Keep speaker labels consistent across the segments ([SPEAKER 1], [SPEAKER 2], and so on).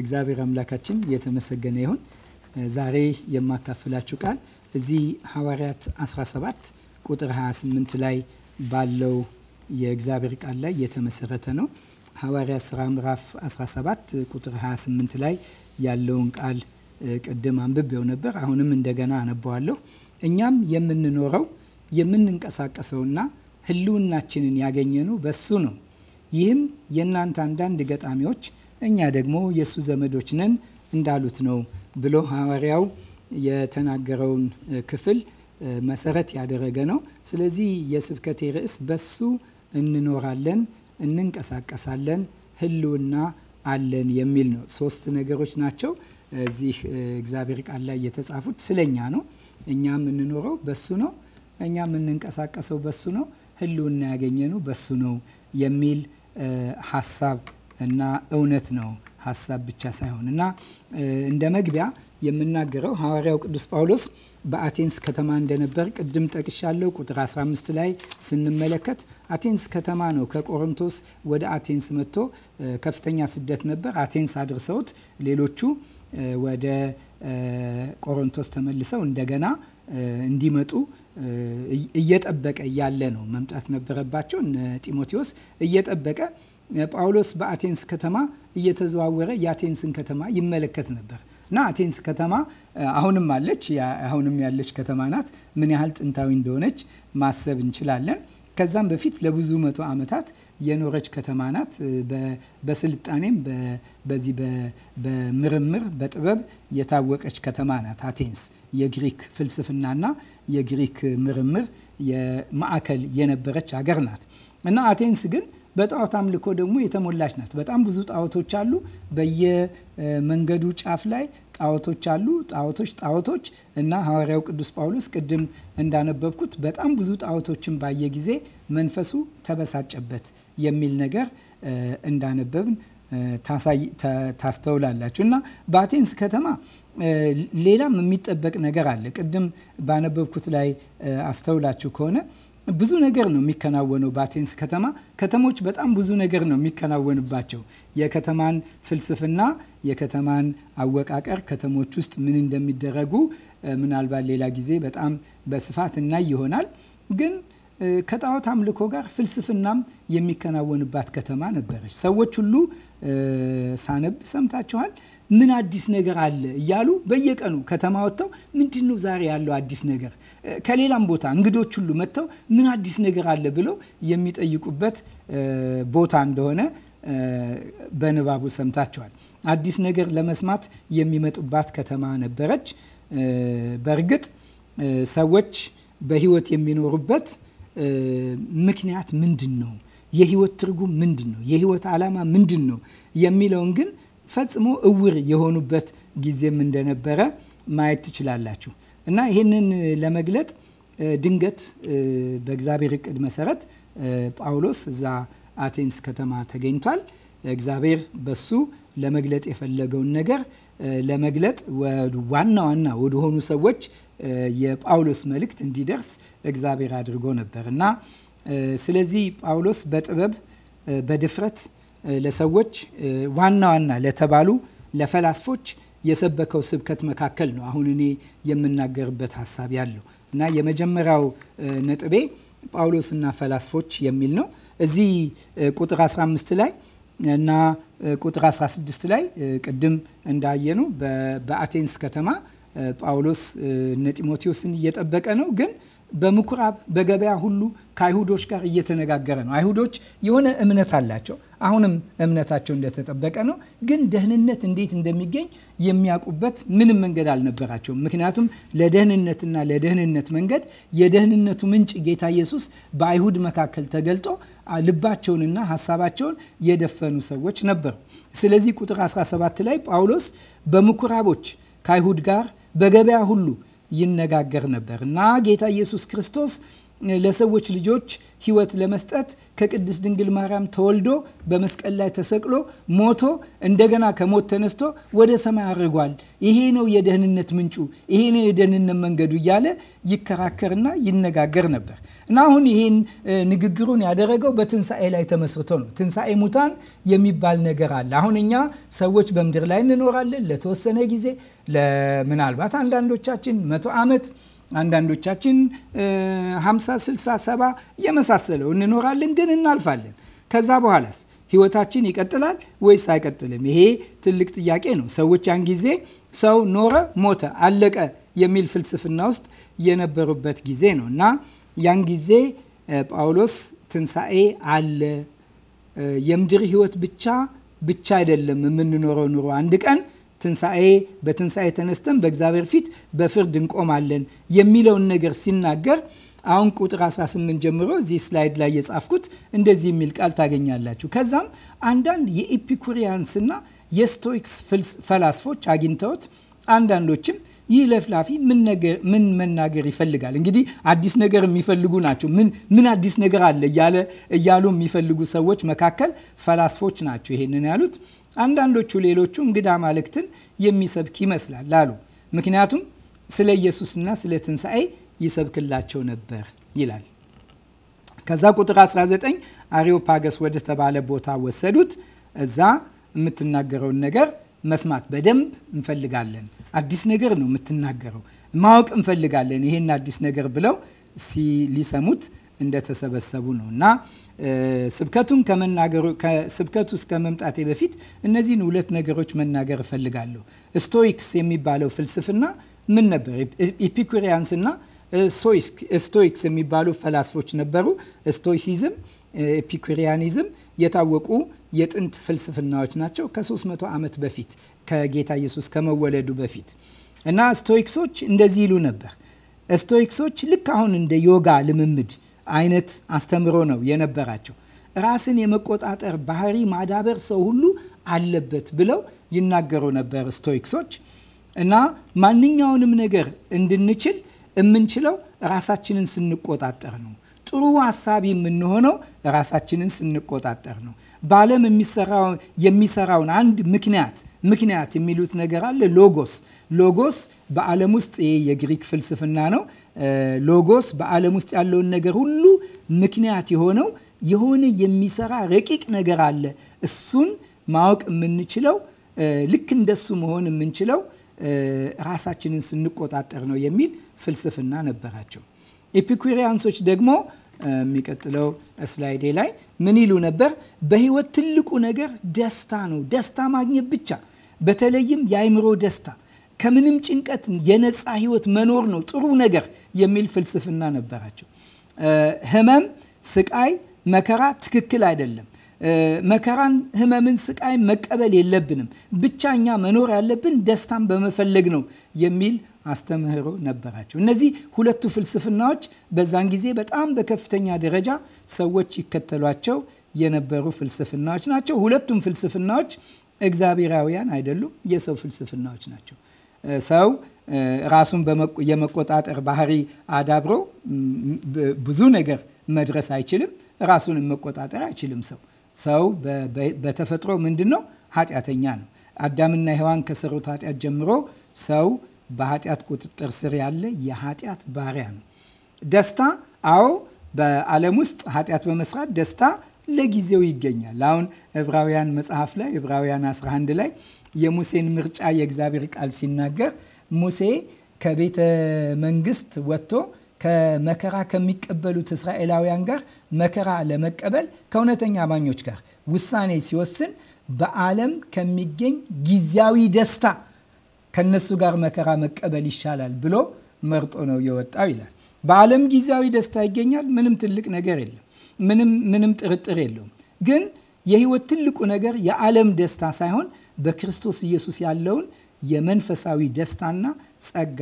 [SPEAKER 1] እግዚአብሔር አምላካችን የተመሰገነ ይሁን። ዛሬ የማካፍላችሁ ቃል እዚህ ሐዋርያት 17 ቁጥር 28 ላይ ባለው የእግዚአብሔር ቃል ላይ የተመሰረተ ነው። ሐዋርያት ስራ ምዕራፍ 17 ቁጥር 28 ላይ ያለውን ቃል ቅድም አንብቤው ነበር። አሁንም እንደገና አነበዋለሁ። እኛም የምንኖረው የምንንቀሳቀሰውና ህልውናችንን ያገኘኑ በሱ ነው። ይህም የእናንተ አንዳንድ ገጣሚዎች እኛ ደግሞ የእሱ ዘመዶች ነን እንዳሉት ነው ብሎ ሐዋርያው የተናገረውን ክፍል መሰረት ያደረገ ነው። ስለዚህ የስብከቴ ርዕስ በሱ እንኖራለን፣ እንንቀሳቀሳለን፣ ህልውና አለን የሚል ነው። ሶስት ነገሮች ናቸው እዚህ እግዚአብሔር ቃል ላይ የተጻፉት። ስለኛ ነው። እኛ የምንኖረው በሱ ነው። እኛ የምንንቀሳቀሰው በሱ ነው። ህልውና ያገኘነው በሱ ነው የሚል ሀሳብ እና እውነት ነው ሀሳብ ብቻ ሳይሆን እና እንደ መግቢያ የምናገረው ሐዋርያው ቅዱስ ጳውሎስ በአቴንስ ከተማ እንደነበር ቅድም ጠቅሻለሁ። ቁጥር 15 ላይ ስንመለከት አቴንስ ከተማ ነው። ከቆሮንቶስ ወደ አቴንስ መጥቶ ከፍተኛ ስደት ነበር። አቴንስ አድርሰውት ሌሎቹ ወደ ቆሮንቶስ ተመልሰው እንደገና እንዲመጡ እየጠበቀ እያለ ነው መምጣት ነበረባቸው። ጢሞቴዎስ እየጠበቀ ጳውሎስ በአቴንስ ከተማ እየተዘዋወረ የአቴንስን ከተማ ይመለከት ነበር እና አቴንስ ከተማ አሁንም አለች፣ አሁንም ያለች ከተማ ናት። ምን ያህል ጥንታዊ እንደሆነች ማሰብ እንችላለን። ከዛም በፊት ለብዙ መቶ ዓመታት የኖረች ከተማ ናት። በስልጣኔም በዚህ በምርምር በጥበብ የታወቀች ከተማ ናት። አቴንስ የግሪክ ፍልስፍናና የግሪክ ምርምር ማዕከል የነበረች ሀገር ናት እና አቴንስ ግን በጣዖት አምልኮ ደግሞ የተሞላች ናት። በጣም ብዙ ጣዖቶች አሉ። በየመንገዱ ጫፍ ላይ ጣዖቶች አሉ። ጣዖቶች ጣዖቶች እና ሐዋርያው ቅዱስ ጳውሎስ ቅድም እንዳነበብኩት በጣም ብዙ ጣዖቶችን ባየ ጊዜ መንፈሱ ተበሳጨበት የሚል ነገር እንዳነበብን ታስተውላላችሁ። እና በአቴንስ ከተማ ሌላም የሚጠበቅ ነገር አለ። ቅድም ባነበብኩት ላይ አስተውላችሁ ከሆነ ብዙ ነገር ነው የሚከናወነው በአቴንስ ከተማ። ከተሞች በጣም ብዙ ነገር ነው የሚከናወንባቸው። የከተማን ፍልስፍና፣ የከተማን አወቃቀር፣ ከተሞች ውስጥ ምን እንደሚደረጉ ምናልባት ሌላ ጊዜ በጣም በስፋት እናይ ይሆናል። ግን ከጣዖት አምልኮ ጋር ፍልስፍናም የሚከናወንባት ከተማ ነበረች። ሰዎች ሁሉ ሳነብ ሰምታችኋል ምን አዲስ ነገር አለ እያሉ በየቀኑ ከተማ ወጥተው ምንድን ነው ዛሬ ያለው አዲስ ነገር፣ ከሌላም ቦታ እንግዶች ሁሉ መጥተው ምን አዲስ ነገር አለ ብለው የሚጠይቁበት ቦታ እንደሆነ በንባቡ ሰምታቸዋል። አዲስ ነገር ለመስማት የሚመጡባት ከተማ ነበረች። በእርግጥ ሰዎች በህይወት የሚኖሩበት ምክንያት ምንድን ነው? የህይወት ትርጉም ምንድን ነው? የህይወት ዓላማ ምንድን ነው የሚለውን ግን ፈጽሞ እውር የሆኑበት ጊዜም እንደነበረ ማየት ትችላላችሁ። እና ይህንን ለመግለጥ ድንገት በእግዚአብሔር እቅድ መሰረት ጳውሎስ እዛ አቴንስ ከተማ ተገኝቷል። እግዚአብሔር በሱ ለመግለጥ የፈለገውን ነገር ለመግለጥ ዋና ዋና ወደሆኑ ሰዎች የጳውሎስ መልእክት እንዲደርስ እግዚአብሔር አድርጎ ነበር እና ስለዚህ ጳውሎስ በጥበብ በድፍረት ለሰዎች ዋና ዋና ለተባሉ ለፈላስፎች የሰበከው ስብከት መካከል ነው አሁን እኔ የምናገርበት ሀሳብ ያለው እና የመጀመሪያው ነጥቤ ጳውሎስና ፈላስፎች የሚል ነው። እዚህ ቁጥር 15 ላይ እና ቁጥር 16 ላይ ቅድም እንዳየኑ በአቴንስ ከተማ ጳውሎስ እነ ጢሞቴዎስን እየጠበቀ ነው ግን በምኩራብ በገበያ ሁሉ ከአይሁዶች ጋር እየተነጋገረ ነው። አይሁዶች የሆነ እምነት አላቸው። አሁንም እምነታቸው እንደተጠበቀ ነው። ግን ደህንነት እንዴት እንደሚገኝ የሚያውቁበት ምንም መንገድ አልነበራቸውም። ምክንያቱም ለደህንነትና ለደህንነት መንገድ የደህንነቱ ምንጭ ጌታ ኢየሱስ በአይሁድ መካከል ተገልጦ ልባቸውንና ሀሳባቸውን የደፈኑ ሰዎች ነበሩ። ስለዚህ ቁጥር 17 ላይ ጳውሎስ በምኩራቦች ከአይሁድ ጋር በገበያ ሁሉ ይነጋገር ነበር እና ጌታ ኢየሱስ ክርስቶስ ለሰዎች ልጆች ህይወት ለመስጠት ከቅድስት ድንግል ማርያም ተወልዶ በመስቀል ላይ ተሰቅሎ ሞቶ እንደገና ከሞት ተነስቶ ወደ ሰማይ አድርጓል። ይሄ ነው የደህንነት ምንጩ፣ ይሄ ነው የደህንነት መንገዱ እያለ ይከራከርና ይነጋገር ነበር እና አሁን ይሄን ንግግሩን ያደረገው በትንሣኤ ላይ ተመስርቶ ነው። ትንሣኤ ሙታን የሚባል ነገር አለ። አሁን እኛ ሰዎች በምድር ላይ እንኖራለን ለተወሰነ ጊዜ፣ ለምናልባት አንዳንዶቻችን መቶ ዓመት አንዳንዶቻችን 50 60 70 የመሳሰለው እንኖራለን፣ ግን እናልፋለን። ከዛ በኋላስ ህይወታችን ይቀጥላል ወይስ አይቀጥልም? ይሄ ትልቅ ጥያቄ ነው። ሰዎች ያን ጊዜ ሰው ኖረ፣ ሞተ፣ አለቀ የሚል ፍልስፍና ውስጥ የነበሩበት ጊዜ ነው እና ያን ጊዜ ጳውሎስ ትንሣኤ አለ፣ የምድር ህይወት ብቻ ብቻ አይደለም የምንኖረው ኑሮ አንድ ቀን ትንሣኤ በትንሣኤ ተነስተን በእግዚአብሔር ፊት በፍርድ እንቆማለን የሚለውን ነገር ሲናገር አሁን ቁጥር 18 ጀምሮ እዚህ ስላይድ ላይ የጻፍኩት እንደዚህ የሚል ቃል ታገኛላችሁ። ከዛም አንዳንድ የኢፒኩሪያንስና የስቶይክስ ፈላስፎች አግኝተውት አንዳንዶችም ይህ ለፍላፊ ምን መናገር ይፈልጋል? እንግዲህ አዲስ ነገር የሚፈልጉ ናቸው። ምን አዲስ ነገር አለ እያሉ የሚፈልጉ ሰዎች መካከል ፈላስፎች ናቸው ይሄንን ያሉት። አንዳንዶቹ ሌሎቹ እንግዳ ማለክትን የሚሰብክ ይመስላል አሉ። ምክንያቱም ስለ ኢየሱስና ስለ ትንሣኤ ይሰብክላቸው ነበር ይላል። ከዛ ቁጥር 19 አሪዮፓገስ ወደ ተባለ ቦታ ወሰዱት። እዛ የምትናገረውን ነገር መስማት በደንብ እንፈልጋለን። አዲስ ነገር ነው የምትናገረው፣ ማወቅ እንፈልጋለን ይሄን አዲስ ነገር ብለው ሊሰሙት እንደተሰበሰቡ ነው እና ስብከቱን ከመናገሩ ስብከቱ እስከ መምጣቴ በፊት እነዚህን ሁለት ነገሮች መናገር እፈልጋለሁ። ስቶይክስ የሚባለው ፍልስፍና ምን ነበር? ኢፒኩሪያንስ እና ስቶይክስ የሚባሉ ፈላስፎች ነበሩ። ስቶይሲዝም፣ ኤፒኩሪያኒዝም የታወቁ የጥንት ፍልስፍናዎች ናቸው። ከ300 ዓመት በፊት ከጌታ ኢየሱስ ከመወለዱ በፊት እና ስቶይክሶች እንደዚህ ይሉ ነበር። ስቶይክሶች ልክ አሁን እንደ ዮጋ ልምምድ አይነት አስተምሮ ነው የነበራቸው። ራስን የመቆጣጠር ባህሪ ማዳበር ሰው ሁሉ አለበት ብለው ይናገሩ ነበር ስቶይክሶች እና ማንኛውንም ነገር እንድንችል የምንችለው ራሳችንን ስንቆጣጠር ነው። ጥሩ አሳቢ የምንሆነው ራሳችንን ስንቆጣጠር ነው። በዓለም የሚሰራውን አንድ ምክንያት ምክንያት የሚሉት ነገር አለ። ሎጎስ ሎጎስ በዓለም ውስጥ ይሄ የግሪክ ፍልስፍና ነው። ሎጎስ በዓለም ውስጥ ያለውን ነገር ሁሉ ምክንያት የሆነው የሆነ የሚሰራ ረቂቅ ነገር አለ። እሱን ማወቅ የምንችለው ልክ እንደሱ መሆን የምንችለው ራሳችንን ስንቆጣጠር ነው የሚል ፍልስፍና ነበራቸው። ኤፒኩሪያንሶች ደግሞ የሚቀጥለው ስላይዴ ላይ ምን ይሉ ነበር? በህይወት ትልቁ ነገር ደስታ ነው። ደስታ ማግኘት ብቻ፣ በተለይም የአይምሮ ደስታ፣ ከምንም ጭንቀት የነፃ ህይወት መኖር ነው ጥሩ ነገር የሚል ፍልስፍና ነበራቸው። ህመም፣ ስቃይ፣ መከራ ትክክል አይደለም። መከራን፣ ህመምን፣ ስቃይ መቀበል የለብንም። ብቻኛ መኖር ያለብን ደስታን በመፈለግ ነው የሚል አስተምህሮ ነበራቸው። እነዚህ ሁለቱ ፍልስፍናዎች በዛን ጊዜ በጣም በከፍተኛ ደረጃ ሰዎች ይከተሏቸው የነበሩ ፍልስፍናዎች ናቸው። ሁለቱም ፍልስፍናዎች እግዚአብሔራውያን አይደሉም፣ የሰው ፍልስፍናዎች ናቸው። ሰው ራሱን የመቆጣጠር ባህሪ አዳብሮ ብዙ ነገር መድረስ አይችልም። ራሱን መቆጣጠር አይችልም ሰው ሰው በተፈጥሮ ምንድን ነው? ኃጢአተኛ ነው። አዳምና ሔዋን ከሰሩት ኃጢአት ጀምሮ ሰው በኃጢአት ቁጥጥር ስር ያለ የኃጢአት ባሪያ ነው። ደስታ፣ አዎ በዓለም ውስጥ ኃጢአት በመስራት ደስታ ለጊዜው ይገኛል። አሁን ዕብራውያን መጽሐፍ ላይ ዕብራውያን 11 ላይ የሙሴን ምርጫ የእግዚአብሔር ቃል ሲናገር ሙሴ ከቤተ መንግስት ወጥቶ ከመከራ ከሚቀበሉት እስራኤላውያን ጋር መከራ ለመቀበል ከእውነተኛ አማኞች ጋር ውሳኔ ሲወስን በዓለም ከሚገኝ ጊዜያዊ ደስታ ከነሱ ጋር መከራ መቀበል ይሻላል ብሎ መርጦ ነው የወጣው ይላል። በዓለም ጊዜያዊ ደስታ ይገኛል። ምንም ትልቅ ነገር የለም። ምንም ምንም ጥርጥር የለውም። ግን የህይወት ትልቁ ነገር የዓለም ደስታ ሳይሆን በክርስቶስ ኢየሱስ ያለውን የመንፈሳዊ ደስታና ጸጋ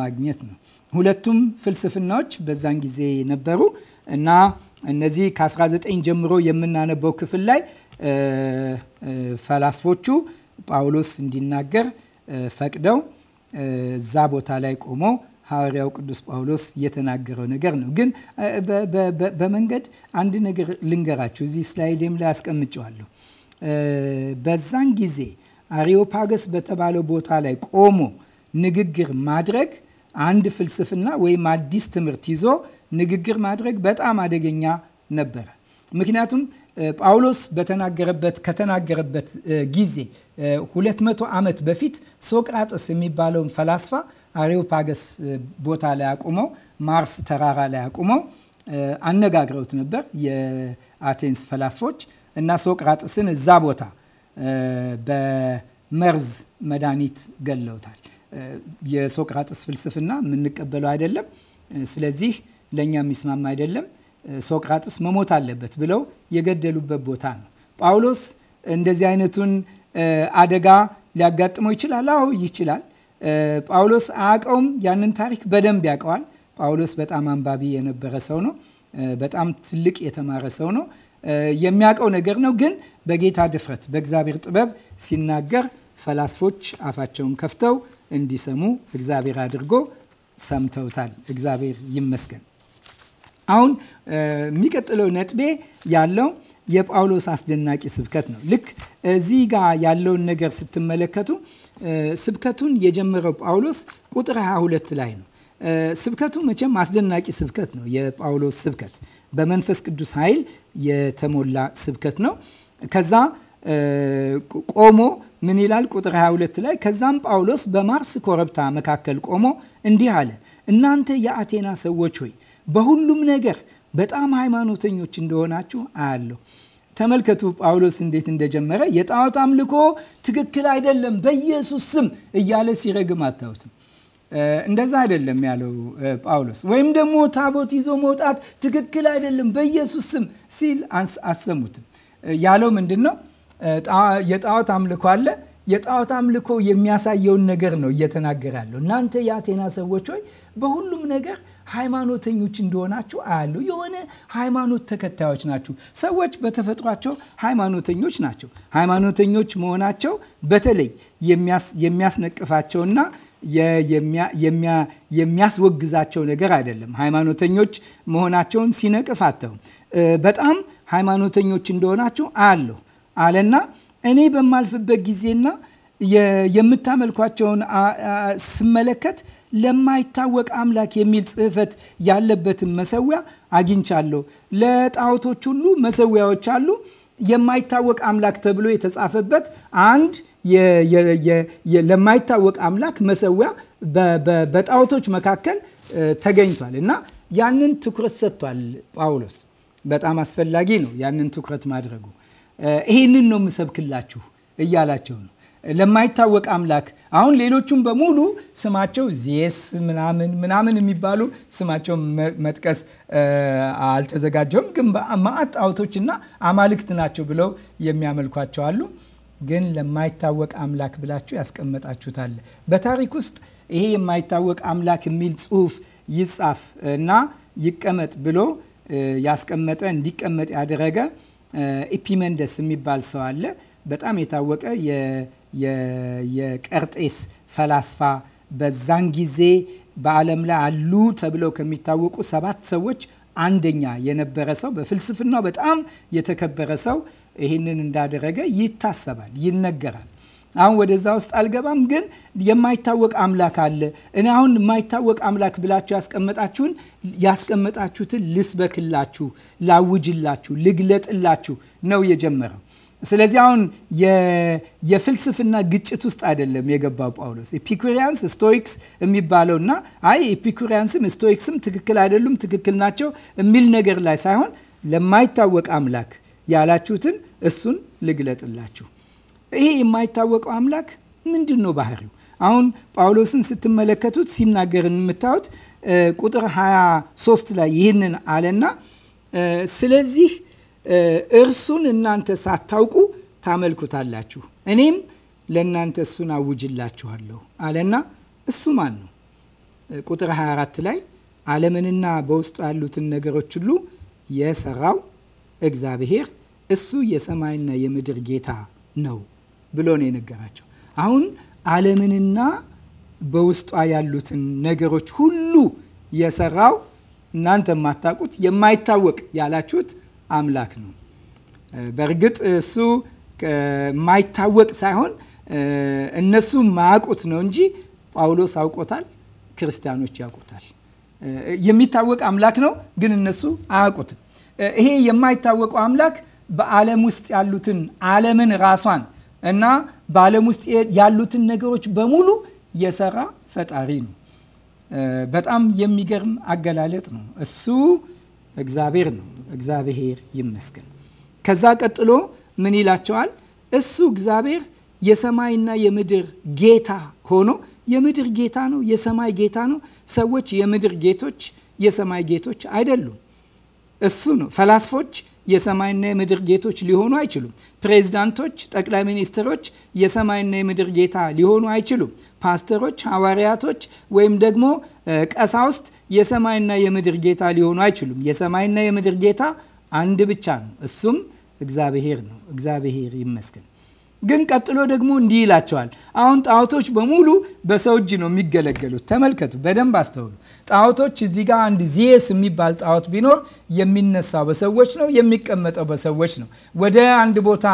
[SPEAKER 1] ማግኘት ነው። ሁለቱም ፍልስፍናዎች በዛን ጊዜ ነበሩ እና እነዚህ ከ19 ጀምሮ የምናነበው ክፍል ላይ ፈላስፎቹ ጳውሎስ እንዲናገር ፈቅደው እዛ ቦታ ላይ ቆመው ሐዋርያው ቅዱስ ጳውሎስ የተናገረው ነገር ነው። ግን በመንገድ አንድ ነገር ልንገራችሁ። እዚህ ስላይዴም ላይ አስቀምጨዋለሁ። በዛን ጊዜ አሪዮፓገስ በተባለው ቦታ ላይ ቆሞ ንግግር ማድረግ አንድ ፍልስፍና ወይም አዲስ ትምህርት ይዞ ንግግር ማድረግ በጣም አደገኛ ነበረ። ምክንያቱም ጳውሎስ በተናገረበት ከተናገረበት ጊዜ 200 ዓመት በፊት ሶቅራጥስ የሚባለውን ፈላስፋ አሬዮፓገስ ቦታ ላይ አቁመው ማርስ ተራራ ላይ አቁመው አነጋግረውት ነበር የአቴንስ ፈላስፎች እና ሶቅራጥስን እዛ ቦታ በመርዝ መድኃኒት ገለውታል። የሶቅራጥስ ፍልስፍና የምንቀበለው አይደለም። ስለዚህ ለእኛ የሚስማማ አይደለም። ሶቅራጥስ መሞት አለበት ብለው የገደሉበት ቦታ ነው። ጳውሎስ እንደዚህ አይነቱን አደጋ ሊያጋጥመው ይችላል። አዎ ይችላል። ጳውሎስ አያውቀውም። ያንን ታሪክ በደንብ ያውቀዋል። ጳውሎስ በጣም አንባቢ የነበረ ሰው ነው። በጣም ትልቅ የተማረ ሰው ነው። የሚያውቀው ነገር ነው። ግን በጌታ ድፍረት፣ በእግዚአብሔር ጥበብ ሲናገር ፈላስፎች አፋቸውን ከፍተው እንዲሰሙ እግዚአብሔር አድርጎ ሰምተውታል። እግዚአብሔር ይመስገን። አሁን የሚቀጥለው ነጥቤ ያለው የጳውሎስ አስደናቂ ስብከት ነው። ልክ እዚህ ጋር ያለውን ነገር ስትመለከቱ ስብከቱን የጀመረው ጳውሎስ ቁጥር 22 ላይ ነው። ስብከቱ መቼም አስደናቂ ስብከት ነው። የጳውሎስ ስብከት በመንፈስ ቅዱስ ኃይል የተሞላ ስብከት ነው። ከዛ ቆሞ ምን ይላል? ቁጥር 22 ላይ ከዛም ጳውሎስ በማርስ ኮረብታ መካከል ቆሞ እንዲህ አለ፣ እናንተ የአቴና ሰዎች ሆይ በሁሉም ነገር በጣም ሃይማኖተኞች እንደሆናችሁ አያለሁ። ተመልከቱ ጳውሎስ እንዴት እንደጀመረ። የጣዖት አምልኮ ትክክል አይደለም፣ በኢየሱስ ስም እያለ ሲረግም አታዩትም? እንደዛ አይደለም ያለው ጳውሎስ። ወይም ደግሞ ታቦት ይዞ መውጣት ትክክል አይደለም፣ በኢየሱስ ስም ሲል አሰሙትም። ያለው ምንድን ነው? የጣዖት አምልኮ አለ። የጣዖት አምልኮ የሚያሳየውን ነገር ነው እየተናገረ ያለው። እናንተ የአቴና ሰዎች ሆይ በሁሉም ነገር ሃይማኖተኞች እንደሆናችሁ አያለሁ። የሆነ ሃይማኖት ተከታዮች ናችሁ። ሰዎች በተፈጥሯቸው ሃይማኖተኞች ናቸው። ሃይማኖተኞች መሆናቸው በተለይ የሚያስነቅፋቸውና የሚያስወግዛቸው ነገር አይደለም። ሃይማኖተኞች መሆናቸውን ሲነቅፍ አተው በጣም ሃይማኖተኞች እንደሆናችሁ አያለሁ አለና እኔ በማልፍበት ጊዜና የምታመልኳቸውን ስመለከት ለማይታወቅ አምላክ የሚል ጽሕፈት ያለበትን መሰዊያ አግኝቻለሁ። ለጣዖቶች ሁሉ መሰዊያዎች አሉ። የማይታወቅ አምላክ ተብሎ የተጻፈበት አንድ ለማይታወቅ አምላክ መሰዊያ በጣዖቶች መካከል ተገኝቷል እና ያንን ትኩረት ሰጥቷል ጳውሎስ። በጣም አስፈላጊ ነው ያንን ትኩረት ማድረጉ። ይሄንን ነው የምሰብክላችሁ እያላቸው ነው ለማይታወቅ አምላክ አሁን ሌሎቹም በሙሉ ስማቸው ዜስ ምናምን ምናምን የሚባሉ ስማቸው መጥቀስ አልተዘጋጀውም፣ ግን ማአት ጣዖቶችና አማልክት ናቸው ብለው የሚያመልኳቸው አሉ። ግን ለማይታወቅ አምላክ ብላችሁ ያስቀመጣችሁት በታሪክ ውስጥ ይሄ የማይታወቅ አምላክ የሚል ጽሑፍ ይጻፍ እና ይቀመጥ ብሎ ያስቀመጠ እንዲቀመጥ ያደረገ ኢፒመንደስ የሚባል ሰው አለ። በጣም የታወቀ የቀርጤስ ፈላስፋ በዛን ጊዜ በዓለም ላይ አሉ ተብለው ከሚታወቁ ሰባት ሰዎች አንደኛ የነበረ ሰው በፍልስፍናው በጣም የተከበረ ሰው ይህንን እንዳደረገ ይታሰባል፣ ይነገራል። አሁን ወደዛ ውስጥ አልገባም። ግን የማይታወቅ አምላክ አለ። እኔ አሁን የማይታወቅ አምላክ ብላችሁ ያስቀመጣችሁን ያስቀመጣችሁትን ልስበክላችሁ፣ ላውጅላችሁ፣ ልግለጥላችሁ ነው የጀመረው። ስለዚህ አሁን የፍልስፍና ግጭት ውስጥ አይደለም የገባው ጳውሎስ። ኤፒኩሪያንስ ስቶይክስ የሚባለው እና አይ ኤፒኩሪያንስም ስቶይክስም ትክክል አይደሉም፣ ትክክል ናቸው የሚል ነገር ላይ ሳይሆን ለማይታወቅ አምላክ ያላችሁትን እሱን ልግለጥላችሁ ይሄ የማይታወቀው አምላክ ምንድን ነው ባህሪው? አሁን ጳውሎስን ስትመለከቱት ሲናገር የምታዩት ቁጥር 23 ላይ ይህንን አለና ስለዚህ እርሱን እናንተ ሳታውቁ ታመልኩታላችሁ፣ እኔም ለእናንተ እሱን አውጅላችኋለሁ አለና እሱ ማን ነው? ቁጥር 24 ላይ ዓለምንና በውስጡ ያሉትን ነገሮች ሁሉ የሰራው እግዚአብሔር እሱ የሰማይና የምድር ጌታ ነው ብሎ ነው የነገራቸው። አሁን ዓለምንና በውስጧ ያሉትን ነገሮች ሁሉ የሰራው እናንተ የማታውቁት የማይታወቅ ያላችሁት አምላክ ነው። በእርግጥ እሱ የማይታወቅ ሳይሆን እነሱ ማያውቁት ነው እንጂ ጳውሎስ አውቆታል፣ ክርስቲያኖች ያውቁታል። የሚታወቅ አምላክ ነው፣ ግን እነሱ አያውቁትም። ይሄ የማይታወቀው አምላክ በዓለም ውስጥ ያሉትን ዓለምን ራሷን እና በዓለም ውስጥ ያሉትን ነገሮች በሙሉ የሰራ ፈጣሪ ነው። በጣም የሚገርም አገላለጥ ነው። እሱ እግዚአብሔር ነው። እግዚአብሔር ይመስገን። ከዛ ቀጥሎ ምን ይላቸዋል? እሱ እግዚአብሔር የሰማይና የምድር ጌታ ሆኖ የምድር ጌታ ነው፣ የሰማይ ጌታ ነው። ሰዎች የምድር ጌቶች፣ የሰማይ ጌቶች አይደሉም። እሱ ነው። ፈላስፎች የሰማይና የምድር ጌቶች ሊሆኑ አይችሉም። ፕሬዝዳንቶች፣ ጠቅላይ ሚኒስትሮች የሰማይና የምድር ጌታ ሊሆኑ አይችሉም። ፓስተሮች፣ ሐዋርያቶች ወይም ደግሞ ቀሳውስት የሰማይና የምድር ጌታ ሊሆኑ አይችሉም። የሰማይና የምድር ጌታ አንድ ብቻ ነው፣ እሱም እግዚአብሔር ነው። እግዚአብሔር ይመስገን። ግን ቀጥሎ ደግሞ እንዲህ ይላቸዋል። አሁን ጣዖቶች በሙሉ በሰው እጅ ነው የሚገለገሉት። ተመልከቱ፣ በደንብ አስተውሉ። ጣዖቶች እዚህ ጋር አንድ ዜስ የሚባል ጣዖት ቢኖር የሚነሳው በሰዎች ነው፣ የሚቀመጠው በሰዎች ነው። ወደ አንድ ቦታ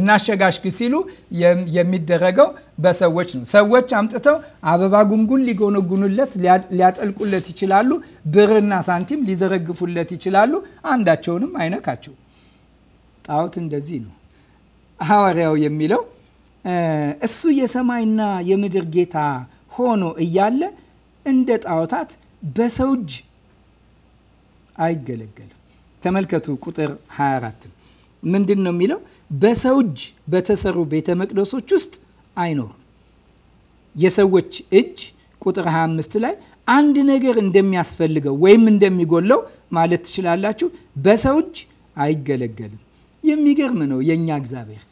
[SPEAKER 1] እናሸጋሽግ ሲሉ የሚደረገው በሰዎች ነው። ሰዎች አምጥተው አበባ ጉንጉን ሊጎነጉኑለት፣ ሊያጠልቁለት ይችላሉ። ብርና ሳንቲም ሊዘረግፉለት ይችላሉ። አንዳቸውንም አይነካቸው። ጣዖት እንደዚህ ነው። ሐዋርያው የሚለው እሱ የሰማይና የምድር ጌታ ሆኖ እያለ እንደ ጣዖታት በሰው እጅ አይገለገልም። ተመልከቱ ቁጥር 24 ምንድን ነው የሚለው? በሰው እጅ በተሰሩ ቤተ መቅደሶች ውስጥ አይኖርም የሰዎች እጅ ቁጥር 25 ላይ አንድ ነገር እንደሚያስፈልገው ወይም እንደሚጎለው ማለት ትችላላችሁ፣ በሰው እጅ አይገለገልም። የሚገርም ነው የእኛ እግዚአብሔር።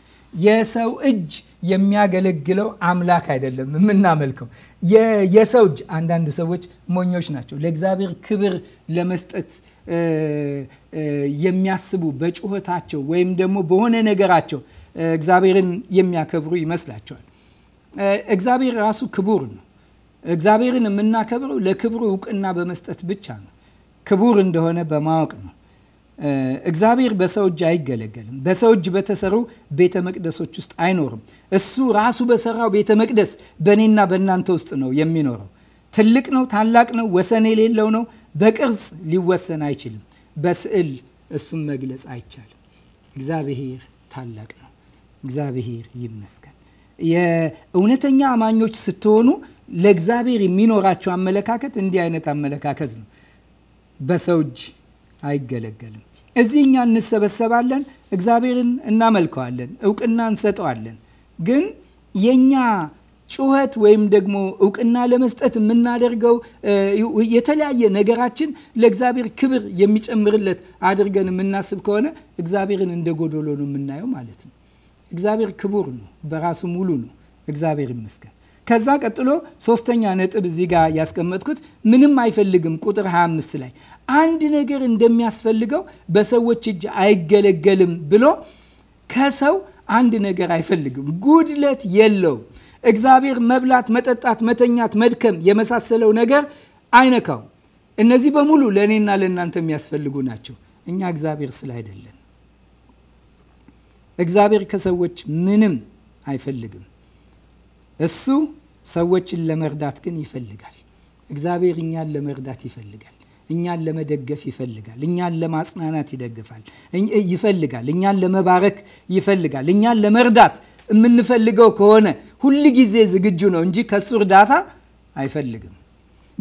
[SPEAKER 1] የሰው እጅ የሚያገለግለው አምላክ አይደለም የምናመልከው። የሰው እጅ አንዳንድ ሰዎች ሞኞች ናቸው። ለእግዚአብሔር ክብር ለመስጠት የሚያስቡ በጩኸታቸው ወይም ደግሞ በሆነ ነገራቸው እግዚአብሔርን የሚያከብሩ ይመስላቸዋል። እግዚአብሔር ራሱ ክቡር ነው። እግዚአብሔርን የምናከብረው ለክብሩ እውቅና በመስጠት ብቻ ነው፣ ክቡር እንደሆነ በማወቅ ነው። እግዚአብሔር በሰው እጅ አይገለገልም። በሰው እጅ በተሰሩ ቤተ መቅደሶች ውስጥ አይኖርም። እሱ ራሱ በሰራው ቤተ መቅደስ በእኔና በእናንተ ውስጥ ነው የሚኖረው። ትልቅ ነው፣ ታላቅ ነው፣ ወሰን የሌለው ነው። በቅርጽ ሊወሰን አይችልም። በስዕል እሱን መግለጽ አይቻልም። እግዚአብሔር ታላቅ ነው። እግዚአብሔር ይመስገን። የእውነተኛ አማኞች ስትሆኑ ለእግዚአብሔር የሚኖራቸው አመለካከት እንዲህ አይነት አመለካከት ነው። በሰው እጅ አይገለገልም። እዚህ እኛ እንሰበሰባለን፣ እግዚአብሔርን እናመልከዋለን፣ እውቅና እንሰጠዋለን። ግን የእኛ ጩኸት ወይም ደግሞ እውቅና ለመስጠት የምናደርገው የተለያየ ነገራችን ለእግዚአብሔር ክብር የሚጨምርለት አድርገን የምናስብ ከሆነ እግዚአብሔርን እንደ ጎዶሎ ነው የምናየው ማለት ነው። እግዚአብሔር ክቡር ነው፣ በራሱ ሙሉ ነው። እግዚአብሔር ይመስገን። ከዛ ቀጥሎ ሶስተኛ ነጥብ እዚህ ጋር ያስቀመጥኩት ምንም አይፈልግም። ቁጥር 25 ላይ አንድ ነገር እንደሚያስፈልገው በሰዎች እጅ አይገለገልም ብሎ ከሰው አንድ ነገር አይፈልግም። ጉድለት የለውም። እግዚአብሔር መብላት፣ መጠጣት፣ መተኛት፣ መድከም የመሳሰለው ነገር አይነካው። እነዚህ በሙሉ ለእኔና ለእናንተ የሚያስፈልጉ ናቸው። እኛ እግዚአብሔር ስለ አይደለን። እግዚአብሔር ከሰዎች ምንም አይፈልግም። እሱ ሰዎችን ለመርዳት ግን ይፈልጋል። እግዚአብሔር እኛን ለመርዳት ይፈልጋል። እኛን ለመደገፍ ይፈልጋል። እኛን ለማጽናናት ይደግፋል ይፈልጋል። እኛን ለመባረክ ይፈልጋል። እኛን ለመርዳት የምንፈልገው ከሆነ ሁል ጊዜ ዝግጁ ነው እንጂ ከሱ እርዳታ አይፈልግም።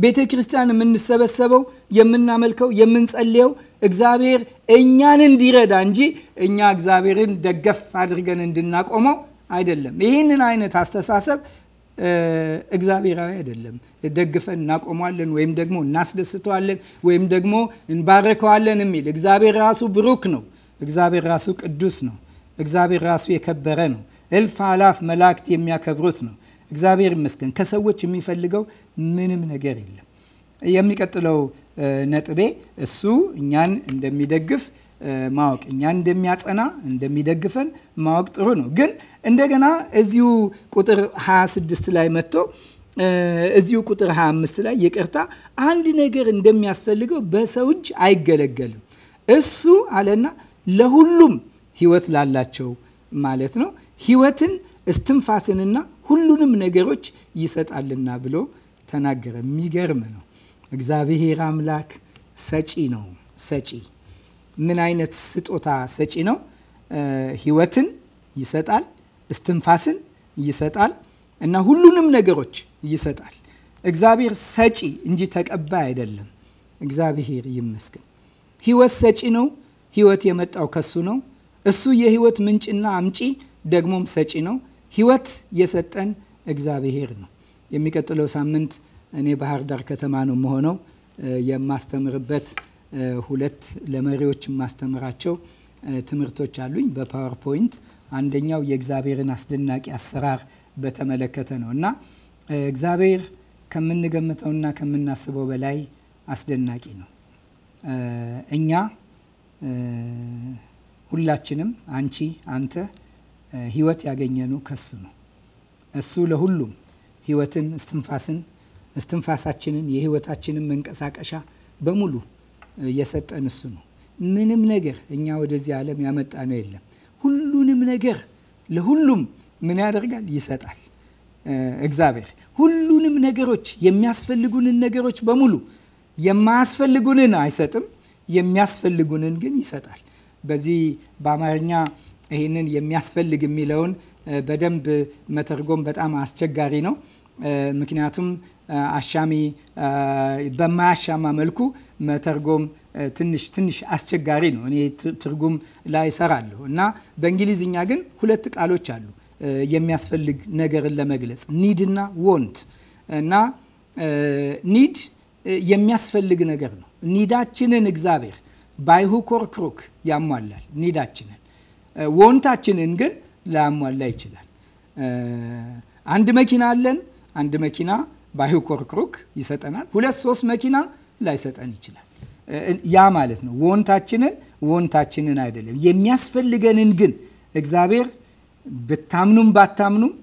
[SPEAKER 1] ቤተ ክርስቲያን የምንሰበሰበው፣ የምናመልከው፣ የምንጸልየው እግዚአብሔር እኛን እንዲረዳ እንጂ እኛ እግዚአብሔርን ደገፍ አድርገን እንድናቆመው አይደለም። ይህንን አይነት አስተሳሰብ እግዚአብሔራዊ አይደለም። ደግፈን እናቆሟለን ወይም ደግሞ እናስደስተዋለን ወይም ደግሞ እንባረከዋለን የሚል እግዚአብሔር ራሱ ብሩክ ነው። እግዚአብሔር ራሱ ቅዱስ ነው። እግዚአብሔር ራሱ የከበረ ነው። እልፍ አላፍ መላእክት የሚያከብሩት ነው። እግዚአብሔር ይመስገን። ከሰዎች የሚፈልገው ምንም ነገር የለም። የሚቀጥለው ነጥቤ እሱ እኛን እንደሚደግፍ ማወቅ እኛ እንደሚያጸና እንደሚደግፈን ማወቅ ጥሩ ነው። ግን እንደገና እዚሁ ቁጥር 26 ላይ መጥቶ እዚሁ ቁጥር 25 ላይ ይቅርታ፣ አንድ ነገር እንደሚያስፈልገው በሰው እጅ አይገለገልም። እሱ አለና ለሁሉም ህይወት ላላቸው ማለት ነው ህይወትን እስትንፋስንና ሁሉንም ነገሮች ይሰጣልና ብሎ ተናገረ። የሚገርም ነው። እግዚአብሔር አምላክ ሰጪ ነው። ሰጪ ምን አይነት ስጦታ ሰጪ ነው? ህይወትን ይሰጣል፣ እስትንፋስን ይሰጣል እና ሁሉንም ነገሮች ይሰጣል። እግዚአብሔር ሰጪ እንጂ ተቀባይ አይደለም። እግዚአብሔር ይመስገን። ህይወት ሰጪ ነው። ህይወት የመጣው ከሱ ነው። እሱ የህይወት ምንጭና አምጪ ደግሞም ሰጪ ነው። ህይወት የሰጠን እግዚአብሔር ነው። የሚቀጥለው ሳምንት እኔ ባህር ዳር ከተማ ነው መሆነው የማስተምርበት ሁለት ለመሪዎች የማስተምራቸው ትምህርቶች አሉኝ በፓወርፖይንት። አንደኛው የእግዚአብሔርን አስደናቂ አሰራር በተመለከተ ነው እና እግዚአብሔር ከምንገምተውና ከምናስበው በላይ አስደናቂ ነው። እኛ ሁላችንም፣ አንቺ፣ አንተ ህይወት ያገኘነው ከሱ ነው። እሱ ለሁሉም ህይወትን፣ እስትንፋስን፣ እስትንፋሳችንን፣ የህይወታችንን መንቀሳቀሻ በሙሉ የሰጠን እሱ ነው። ምንም ነገር እኛ ወደዚህ ዓለም ያመጣ ነው የለም። ሁሉንም ነገር ለሁሉም ምን ያደርጋል? ይሰጣል። እግዚአብሔር ሁሉንም ነገሮች የሚያስፈልጉንን ነገሮች በሙሉ የማያስፈልጉንን አይሰጥም፣ የሚያስፈልጉንን ግን ይሰጣል። በዚህ በአማርኛ ይህንን የሚያስፈልግ የሚለውን በደንብ መተርጎም በጣም አስቸጋሪ ነው። ምክንያቱም አሻሚ በማያሻማ መልኩ መተርጎም ትንሽ ትንሽ አስቸጋሪ ነው። እኔ ትርጉም ላይ ሰራለሁ እና በእንግሊዝኛ ግን ሁለት ቃሎች አሉ የሚያስፈልግ ነገርን ለመግለጽ ኒድ እና ወንት እና ኒድ የሚያስፈልግ ነገር ነው። ኒዳችንን እግዚአብሔር ባይሁ ኮርክሩክ ያሟላል። ኒዳችንን ወንታችንን ግን ላያሟላ ይችላል። አንድ መኪና አለን። አንድ መኪና ባይኮርክሩክ ይሰጠናል። ሁለት ሶስት መኪና ላይሰጠን ይችላል። ያ ማለት ነው ወንታችንን ወንታችንን አይደለም የሚያስፈልገንን ግን እግዚአብሔር ብታምኑም ባታምኑም